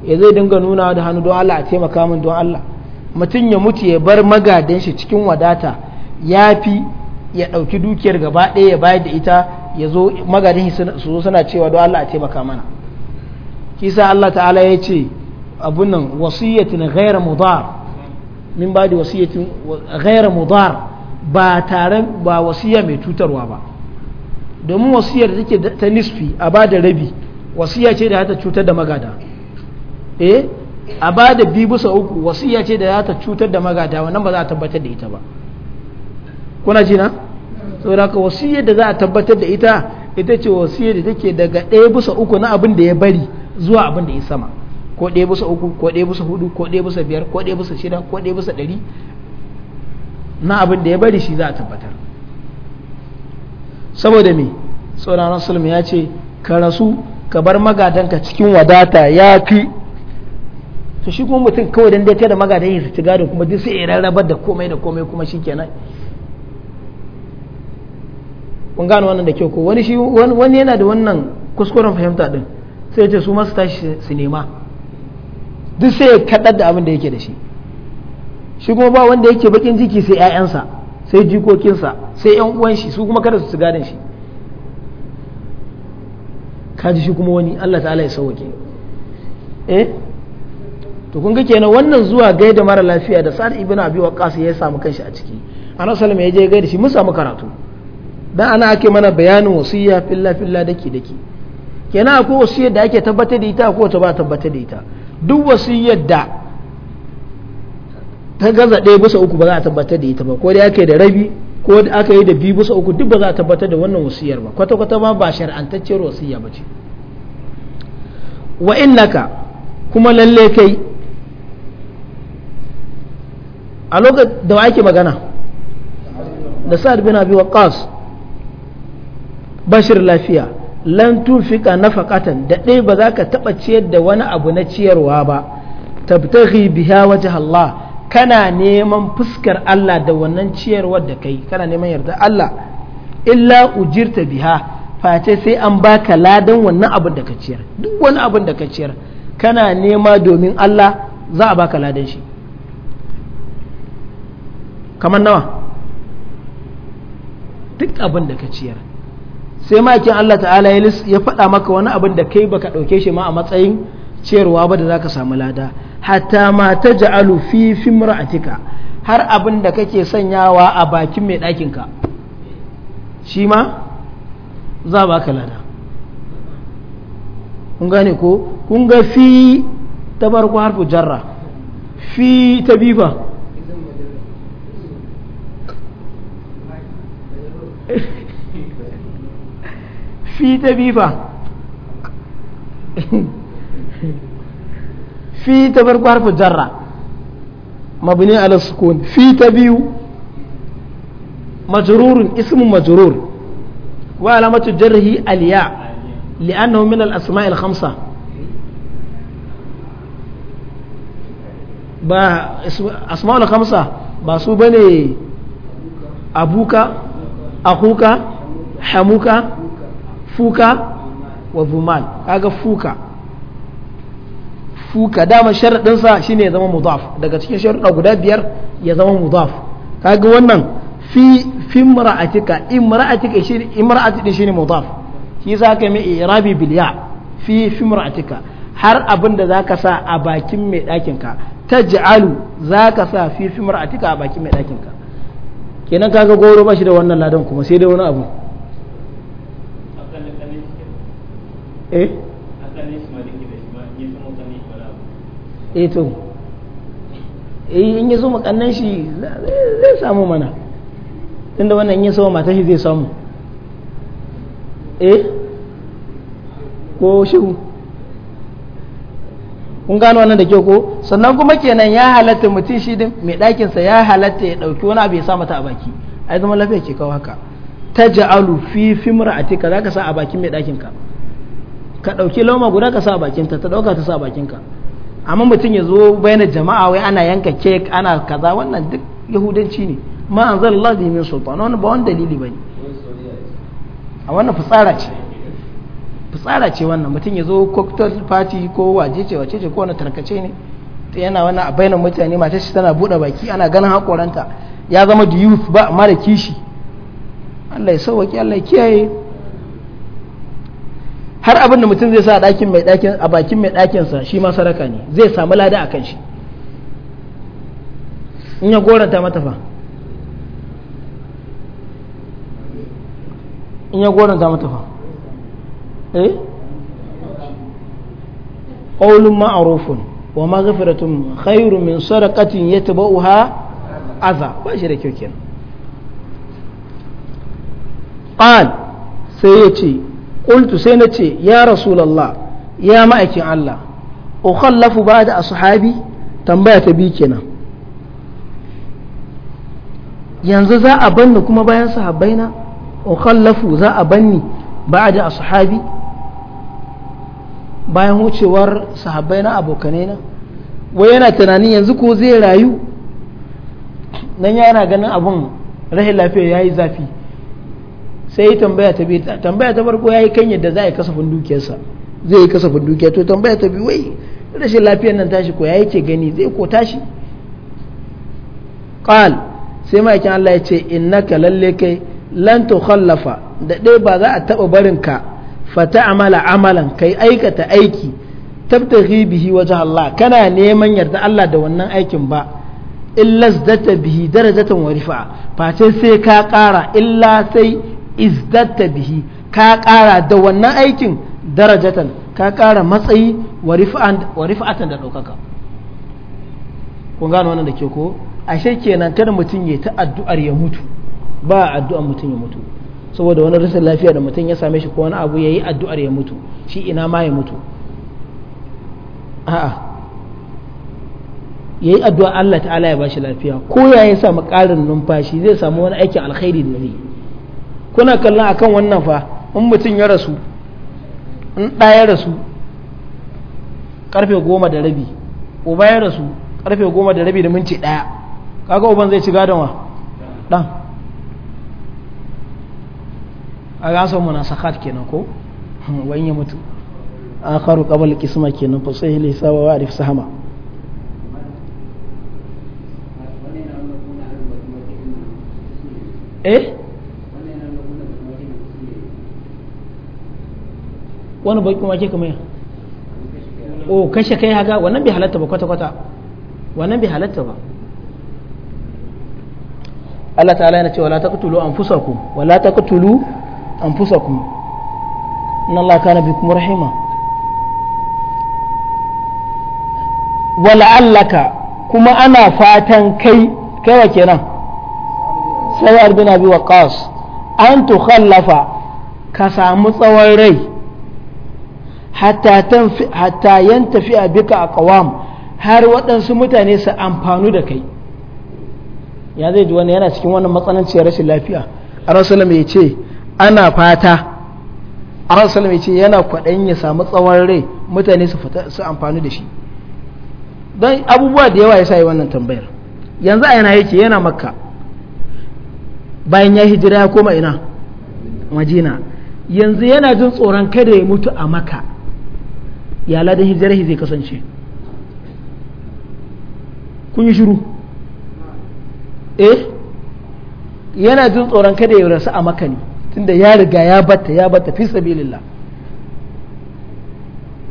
[SPEAKER 1] ya zai dinga nuna da hannu don Allah a taimaka min don Allah mutum ya mutu ya bar magadan shi cikin wadata ya fi ya ɗauki dukiyar gaba ɗaya ya bayar da ita ya zo magani su zo suna cewa don Allah a taimaka mana kisa Allah ta'ala ya ce abun nan wasiyyatin ghayra mudar min ba da wasiyyatin ghayra mudar ba tare ba wasiyya mai cutarwa ba domin wasiyyar da take ta nisfi a ba da rabi wasiyya ce da ta cutar da magada eh a ba da bi bisa uku wasiyya ce da ta cutar da magada wannan ba za a tabbatar da ita ba kuna ji na saboda haka wasiyar da za a tabbatar da ita ita ce wasiyar da take daga ɗaya bisa uku na abin da ya bari zuwa abin da ya sama ko ɗaya bisa uku ko ɗaya bisa hudu ko ɗaya bisa biyar ko ɗaya bisa shida ko ɗaya bisa ɗari na abin da ya bari shi za a tabbatar saboda me sauraron sulmi ya ce ka rasu ka bar magadanka cikin wadata ya fi to shi kuma mutum kawai dan dai da magadan yin su ci kuma duk sai ya rarrabar da komai da komai kuma shikenan kun gano wannan da kyau ko wani shi wani yana da wannan kuskuren fahimta din sai ce su masu tashi su nema duk sai ya kaɗar da abin da yake da shi shi kuma ba wanda yake bakin jiki sai ƴaƴansa sai jikokinsa sai ƴan uwan shi su kuma kada su gadan shi kaji shi kuma wani Allah ta'ala ya sauke eh to kun ga kenan wannan zuwa gaida mara lafiya da sa'ad ibn abi waqas ya samu kanshi a ciki annabi sallallahu alaihi wasallam ya je gaida shi mun samu karatu dan ana ake mana bayanin wasiya filla filla dake dake kenan akwai wasiyar da ake tabbatar da ita ko ba tabbatar da ita duk wasiyar da ta gaza ɗaya bisa uku ba za a tabbatar da ita ba ko da aka yi da rabi ko da aka yi da biyu bisa uku duk ba za a tabbatar da wannan wasiyar ba kwata kwata ma ba shar'antacciyar wasiya ba ce wa innaka kuma lalle kai a lokacin da ake magana da sa'ad bin abi waqqas bashir lafiya lan tunfika nafaqatan da ɗai ba za ka taɓa ciyar da wani abu na ciyarwa ba tabtaghi biha wajh Allah kana neman fuskar Allah da wannan ciyarwar da kai kana neman yarda Allah illa ujirta biha face sai an baka ladan wannan abu da ka ciyar duk wani abu da ka ciyar kana nema domin Allah za a baka ladan shi kamar nawa duk abin da ka ciyar sai makin Allah ta'ala ya faɗa maka wani abin da kai baka ɗauke shi ma a matsayin ciyarwa ba da zaka samu lada hatta ma ta ja'alu fi fimra'atika har abin da kake sanyawa a bakin mai ɗakinka ka shi ma za ba lada kun gane ko kun ga fi ta farko harfu jarra fi ta biba fi ta biyu fa fi ta farko harfin jarra mabni ala sukun fi ta biyu majrurun ismun majrur wa alamatu jarhi aliya li'annahu min al-asma' al-khamsa ba asma' al-khamsa ba su bane abuka akuka hamuka fuka wa zuman kaga fuka fuka dama sharaɗinsa shine ya zama mudaf daga cikin sharaɗa guda biyar ya zama mudaf kaga wannan fi fi mara'atika imra'atika shine imra'ati din shine mudaf shi yasa kai mai irabi bil ya fi fi mara'atika har abin da zaka sa a bakin mai ɗakin ka taj'alu zaka sa fi fi mara'atika a bakin mai ɗakin ka kenan kaga goro bashi da wannan ladan kuma sai dai wani abu eh eh to eh, in ya so makannan shi zai samu mana tunda wannan ya so mata shi zai samu eh ko shiru kun gano wannan da kyau ko sannan kuma kenan ya halatta mutum shi din mai ɗakinsa ya halatta ya ɗauki wani abu ya sa mata a baki ai zama lafiya ke kawo haka ta ja'alu fi fi mura'atika za ka sa a baki mai ɗakinka ka ɗauki lauma guda ka sa bakinta ta ɗauka ta sa bakinka amma mutum ya zo bayanan jama'a wai ana yanka kek ana kaza wannan duk yahudanci ne ma an zan lalazi min sultan wani ba wani dalili ba ne a wannan fitsara ce fitsara ce wannan mutum ya zo cocktail party ko waje ce wace ce ko wani tarkace ne yana wannan a bainar mutane mata shi tana buɗe baki ana ganin hakoranta ya zama da youth ba mara kishi Allah ya sauwaki Allah ya kiyaye har abin da mutum zai sa a bakin mai ɗakinsa shi ma saraka ne zai samu lada a kan shi in ya goranta mata fa in ya goranta mata fa eh qawlun ma'rufun wa maghfiratun khairun min sadaqatin yatba'uha adha ba shi da kyau kenan qal sai ya ce Ƙultu sai na ce ya lalla ya ma'aikin Allah da ba'da ashabi tambaya ta bi kenan yanzu za a ni kuma bayan sahabbaina ukhallafu za a da ba'da ashabi bayan wucewar sahabbaina abokanaina wai yana tunanin yanzu ko zai rayu nan yana ganin abun rahin lafiya yayi zafi sai yi tambaya ta biyu tambaya ta farko yayi kan yadda za a yi kasafin dukiyarsa zai yi kasafin dukiya to tambaya ta biyu wai rashin lafiyar nan tashi ko ya yake gani zai ko tashi ƙal sai ma'aikin Allah ya ce in ka lalle kai lan tukhallafa da dai ba za a taɓa barin ka fata amala amalan kai aikata aiki tabta bihi wajen Allah kana neman yarda Allah da wannan aikin ba illas data bihi darajatan warifa face sai ka kara illa sai izdatta bihi ka kara da wannan aikin darajatan ka kara matsayi wa rif'atan da ɗaukaka kun gano wannan da ke ko ashe kenan kada mutum ya ta addu'ar ya mutu ba addu'ar mutum ya mutu saboda wani rashin lafiya da mutum ya same shi ko wani abu ya yi addu'ar ya mutu shi ina ma ya mutu a'a ya yi addu'a Allah ta'ala ya bashi lafiya ko ya yi samu ƙarin numfashi zai samu wani aikin alkhairi da zai kuna kallon akan wannan fa in mutum ya rasu in ɗaya ya rasu karfe goma da rabi uba ya rasu karfe goma da rabi da minti ɗaya kaga uban zai ci gadon wa ɗan a gasa muna sakat kenan ko wani ya mutu an karu kabal kisma kenan fa sai lisa wa arif sahama eh wani bakin wake kamar ya o kashe kai haga wannan bai halatta ba kwata-kwata wannan bai halatta ba Allah ta'ala yana cewa la taqtulu anfusakum wa la taqtulu anfusakum inna Allah kana kuma rahima wa la'allaka kuma ana fatan kai kai wa kenan sai arbina bi waqas an tukhallafa ka samu tsawon rai hatta yan tafiya bika a kawam har waɗansu mutane su amfanu da kai ya zai ji wani yana cikin wannan matsananciyar rashin lafiya a rasulun ya ce ana fata a rasulun ya ce yana kwaɗayin ya samu tsawon rai mutane su amfani da shi don abubuwa da yawa ya sa yi wannan tambayar yanzu a yana yake yana makka bayan ya hijira ya koma ina majina yanzu yana jin tsoron kada ya mutu a Makka. ya ladan hijirar zai kasance kun yi shiru eh yana jin tsoron kada ya rasu a makani tunda ya riga ya batta ya batta fi sabilillah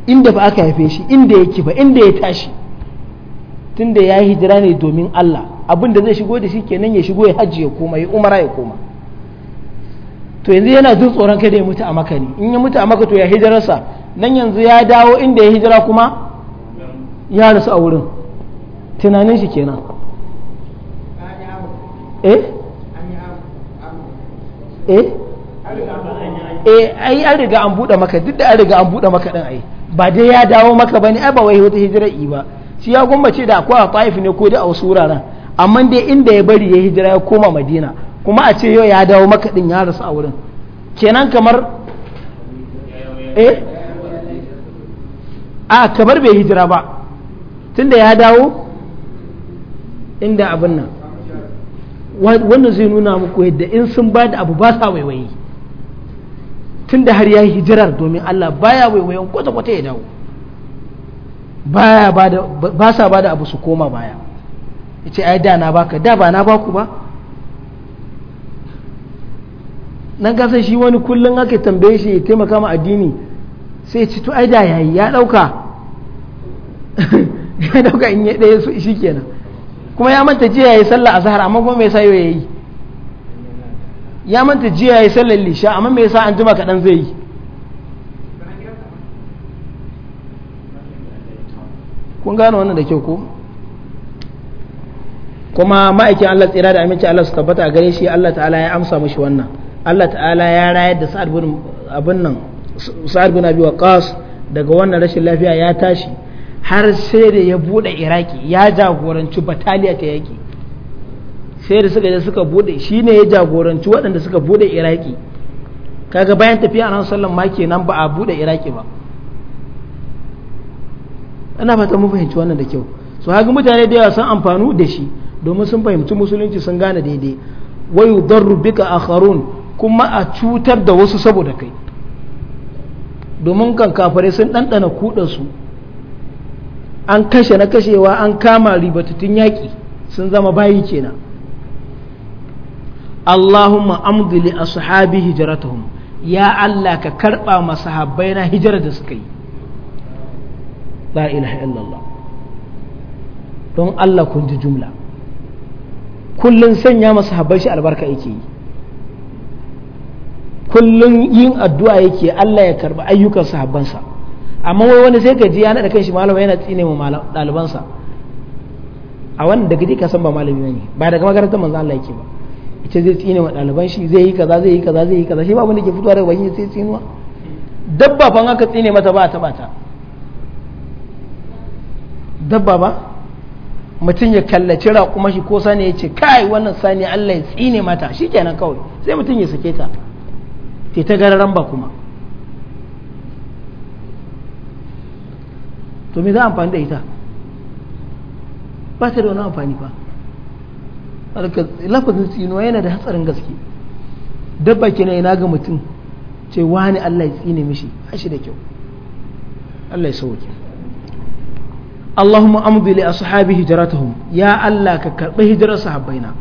[SPEAKER 1] inda ba aka haife shi inda yake ba inda ya tashi tunda ya hijira ne domin Allah abin da zai shigo da shi kenan ya shigo ya hajji ya koma ya umara ya koma to yanzu yana jin tsoron kada ya mutu a makani in ya mutu a maka to ya hijirarsa nan yanzu ya dawo inda ya hijira kuma ya rasu a wurin tunanin shi kenan eh eh eh ai an riga an bude maka duk da an riga an buɗe maka din ai ba dai ya dawo maka bane ai ba wai wata hijira yi ba shi ya gwammace da akwai a Taif ne ko da a wasu wuraren amma dai inda ya bari ya hijira ya koma Madina kuma a ce yau ya dawo maka din ya rasu a wurin kenan kamar eh a kamar bai hijira ba tunda ya dawo inda abin nan wannan zai nuna muku yadda in sun ba da abu ba sa waiwayi tunda har ya yi hijirar domin Allah baya waiwayon kwata-kwata ya dawo ba sa ba da abu su koma baya ya ce ai da na baka da ba na baku ba nan kasa shi wani kullum ake tambaye shi ya taimaka ma addini sai ci to ai da yayi ya dauka ya dauka in ya daya su shi kenan kuma ya manta jiya yayi sallah azhar amma kuma me yasa yau yayi ya manta jiya yayi sallar lisha amma me yasa an juma kadan zai yi kun gano wannan da kyau ko kuma ma'aikin Allah tsira da aminci Allah su tabbata a gare shi Allah ta'ala ya amsa mashi wannan Allah ta'ala ya rayar da sa'ad abin nan sa'ad bin abi waqas daga wannan rashin lafiya ya tashi har sai da ya bude iraki ya jagoranci bataliya ta yaki sai da suka je suka bude shine ya jagoranci waɗanda suka bude iraki kaga bayan tafiya annabi sallallahu ma kenan ba a bude iraki ba ana fata mu fahimci wannan da kyau so haka mutane da yawa sun amfanu da shi domin sun fahimci musulunci sun gane daidai wayu darru bika akharun kuma a cutar da wasu saboda kai domin kan sun ɗanɗana kudansu an kashe na kashewa an kama ribatattun yaƙi sun zama bayi kenan Allahumma amdi a ashabi hijratuhum ya Allah ka karɓa masahabbai na hijira da suka yi la ilaha illallah don Allah kun ji jumla kullum sanya masahabbai shi albarka yake yi kullum yin addu'a yake Allah ya karba ayyukan sahabbansa amma wai wani sai ka ji ya naɗa kan shi malama yana tsine ma dalibansa a wannan da ji ka san ba malami bane ba daga magaranta manzo Allah yake ba ita zai tsine wa daliban shi zai yi kaza zai yi kaza zai yi kaza shi ba wanda da ke fitowa daga bakin sai tsinuwa dabba fa aka tsine mata ba ta ba ta dabba ba mutum ya kallaci kuma shi ko sani ya ce kai wannan sani Allah ya tsine mata shikenan kawai sai mutum ya sake ta ta ta gararan ba kuma to me za amfani da ita ba ta da wani amfani ba lafazin tsinuwa yana da hatsarin gaske dabba kenan yana ga mutum ce wani Allah ya tsine mishi hashi da kyau Allah ya sauke Allahumma amdi li ashabi hijratahum ya Allah ka karbi hijrar sahabbaina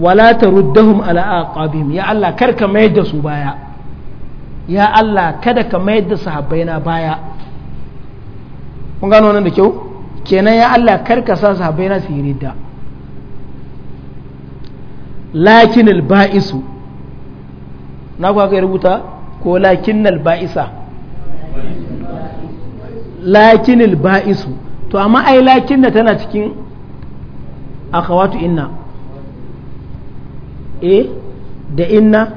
[SPEAKER 1] wala taruddahum ala aqabihim ya Allah kar ka mayar da su baya ya Allah kada ka mayar da sahabbai baya kun gano nan da kyau kenan ya Allah kar ka sa sahabbai na su ridda lakin ba'isu na ku aka rubuta ko lakin ba'isa ba'isu to amma ai lakin tana cikin akhawatu inna E da inna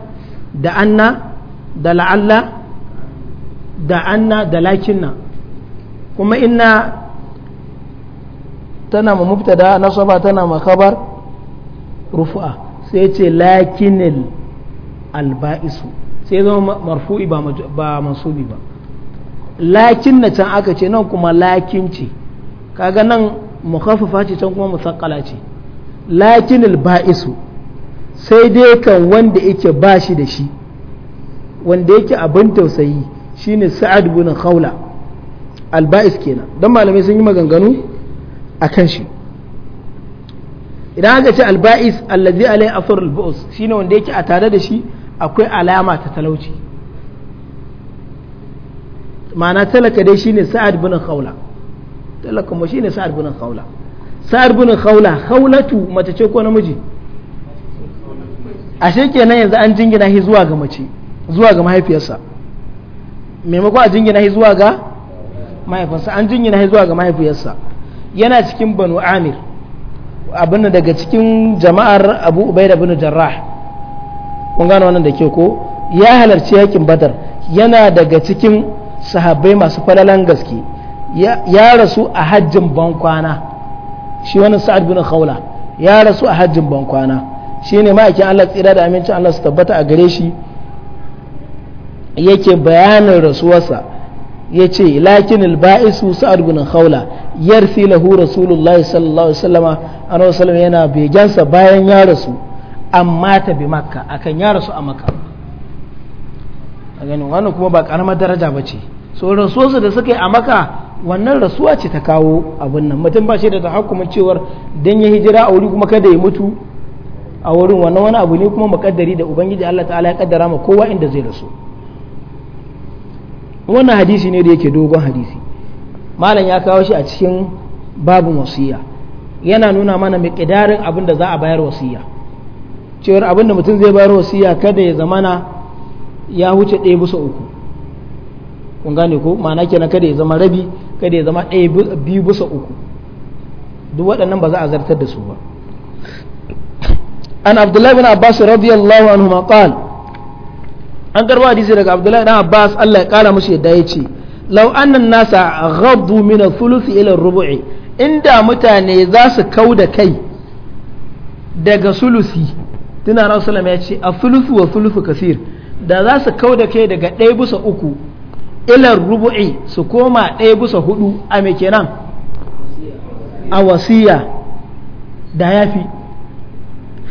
[SPEAKER 1] da anna da la'alla da anna da lakinna kuma inna tana ma mubtada nasaba tana ma khabar rufu'a sai ce lakinil alba'isu sai zama marfu'i ba mansubi ba lakinna can aka ce nan kuma lakin ce kaga nan mukhaffafa ce can kuma musaqqala ce lakinil ba'isu sai dai kan wanda yake ba shi da shi wanda yake abin tausayi shine sa'ad bin khawla alba'is kenan dan malamai sun yi maganganu akan shi idan aka ce alba'is allazi alai asr alba'us shine wanda yake a tare da shi akwai alama ta talauci ma'ana talaka dai shine sa'ad bin khawla talaka mu shine sa'ad bin khawla sa'ad bin khawla khawlatu mace ce ko namiji ashe kenan yanzu an jingina shi zuwa ga mace zuwa ga mahaifiyarsa maimako a jingina shi zuwa ga mahaifiyarsa an jingina shi zuwa ga mahaifiyarsa yana cikin banu amir abinda daga cikin jama'ar abu ubai da binu jarrah kun gano wannan da ke ko ya halarci yakin badar yana daga cikin sahabbai masu falalan gaske ya rasu a hajjin bankwana shi wani sa'ad bin khawla ya rasu a hajjin bankwana Shi ne ma'aikin Allah tsira da amincin Allah su tabbata a gare shi yake bayanin rasuwarsa ya ce lakin alba'isu sa'ad bin khawla yarsi lahu rasulullahi sallallahu alaihi wasallama annabi sallallahu yana begensa bayan ya rasu amma ta bi makka akan ya rasu a makka a gani wannan kuma ba karamar daraja ba ce so rasuwarsa da suka yi a makka wannan rasuwa ce ta kawo abin nan mutum ba shi da tahakkumin cewar dan ya hijira a wuri kuma kada ya mutu a wurin wannan wani abu ne kuma makaddari da ubangiji Allah ta'ala ya kaddara ma kowa inda zai rasu wannan hadisi ne da yake dogon hadisi malam ya kawo shi a cikin babu wasiya yana nuna mana miƙidarin abin da za a bayar wasiya cewar abin da mutum zai bayar wasiya kada ya zamana ya huce ɗaya bisa uku kun gane ko ma'ana kenan kada ya zama rabi kada ya zama ɗaya biyu bisa uku duk waɗannan ba za a zartar da su ba an abdullahi bin abbas radiyallahu anhu qal an garba hadisi daga abdullahi bin abbas Allah ya kara musu da yace law anna nasa ghaddu min thuluth ila rubu'i inda mutane za su kau da kai daga sulusi tuna rasulullah ya ce a thuluthu wa thuluthu kasir da za su kau da kai daga ɗaya bisa uku ilar rubu'i su koma ɗaya bisa hudu a me kenan a wasiya da yafi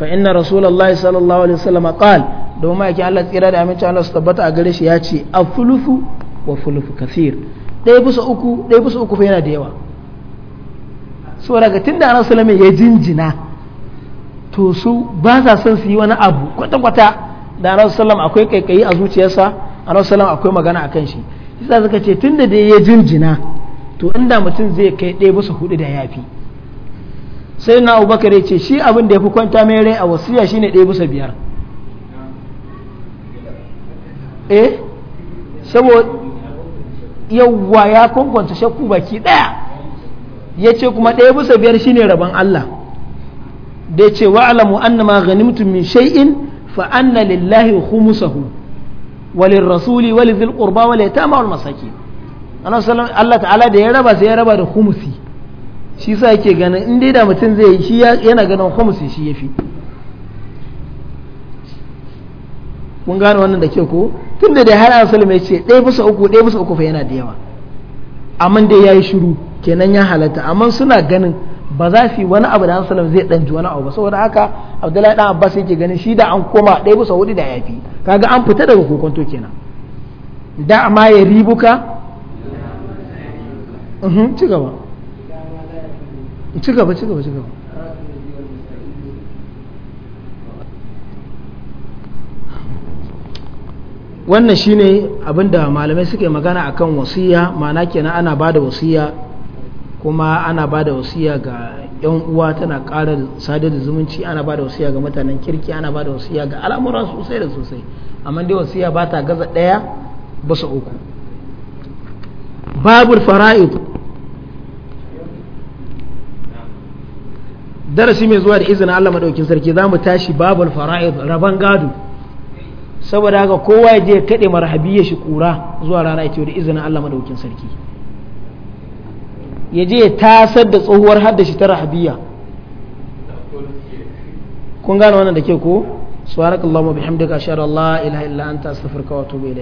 [SPEAKER 1] fa inna rasulullahi sallallahu alaihi wasallam qal domin ma yake Allah tsira da aminci Allah su tabbata a gare shi ya ce a fulufu wa fulufu kathir ɗaya bisa uku ɗaya bisa uku fa yana da yawa so daga tunda Annabi sallallahu ya jinjina to su ba sa son su yi wani abu kwata kwata da Annabi sallallahu akwai kaikayi a zuciyarsa Annabi sallallahu akwai magana akan shi yasa suka ce tunda da ya jinjina to inda mutum zai kai ɗaya bisa hudu da yafi sai na abubakar ya ce shi abin da ya fi kwanta mai rai a wasiya shine ɗaya bisa biyar eh saboda yawwa ya kwankwanta shakku baki ɗaya ya ce kuma ɗaya bisa biyar shine rabon Allah da ce ce wa'alamu annama ghanimtum min shay'in fa anna lillahi khumsahu walin rasuli walin zil qurba wal yatama wal masakin Allah ta'ala da ya raba sai ya raba da khumsi shi sa yake ganin in dai da mutum zai yi shi yana ganin homsi shi ya fi kun gane wannan da ke ko tun da dai har an sulma ce ɗaya bisa uku ɗaya bisa uku fa yana da yawa amma dai ya yi shiru kenan ya halatta amma suna ganin ba za su wani abu da an zai ɗan ji wani abu ba saboda haka abdullahi ɗan abbas yake ganin shi da an koma ɗaya bisa hudu da ya fi kaga an fita daga kokonto kenan da ma ya ribuka ci gaba ci gaba ci gaba shine abinda malamai suke magana akan wasiya ma'ana kenan ana bada wasiya kuma ana bada wasiya ga yan uwa tana ƙara sadar da zumunci ana bada wasiya ga mutanen kirki ana bada wasiya ga al'amura sosai da sosai amma dai wasiya ba ta gaza ɗaya ba su uku babul fara'id darasi mai zuwa da izinin Allah madaukin sarki za mu tashi babul fara'id raban gado saboda haka kowa ya je kaɗe ya shi kura zuwa rana ita da izinin Allah madaukin sarki ya je ya tasar da tsohuwar hadda shi ta rahabiyya kun gane wannan da ke ko subhanakallahumma bihamdika ashhadu an la ilaha illa anta astaghfiruka wa atubu ilayk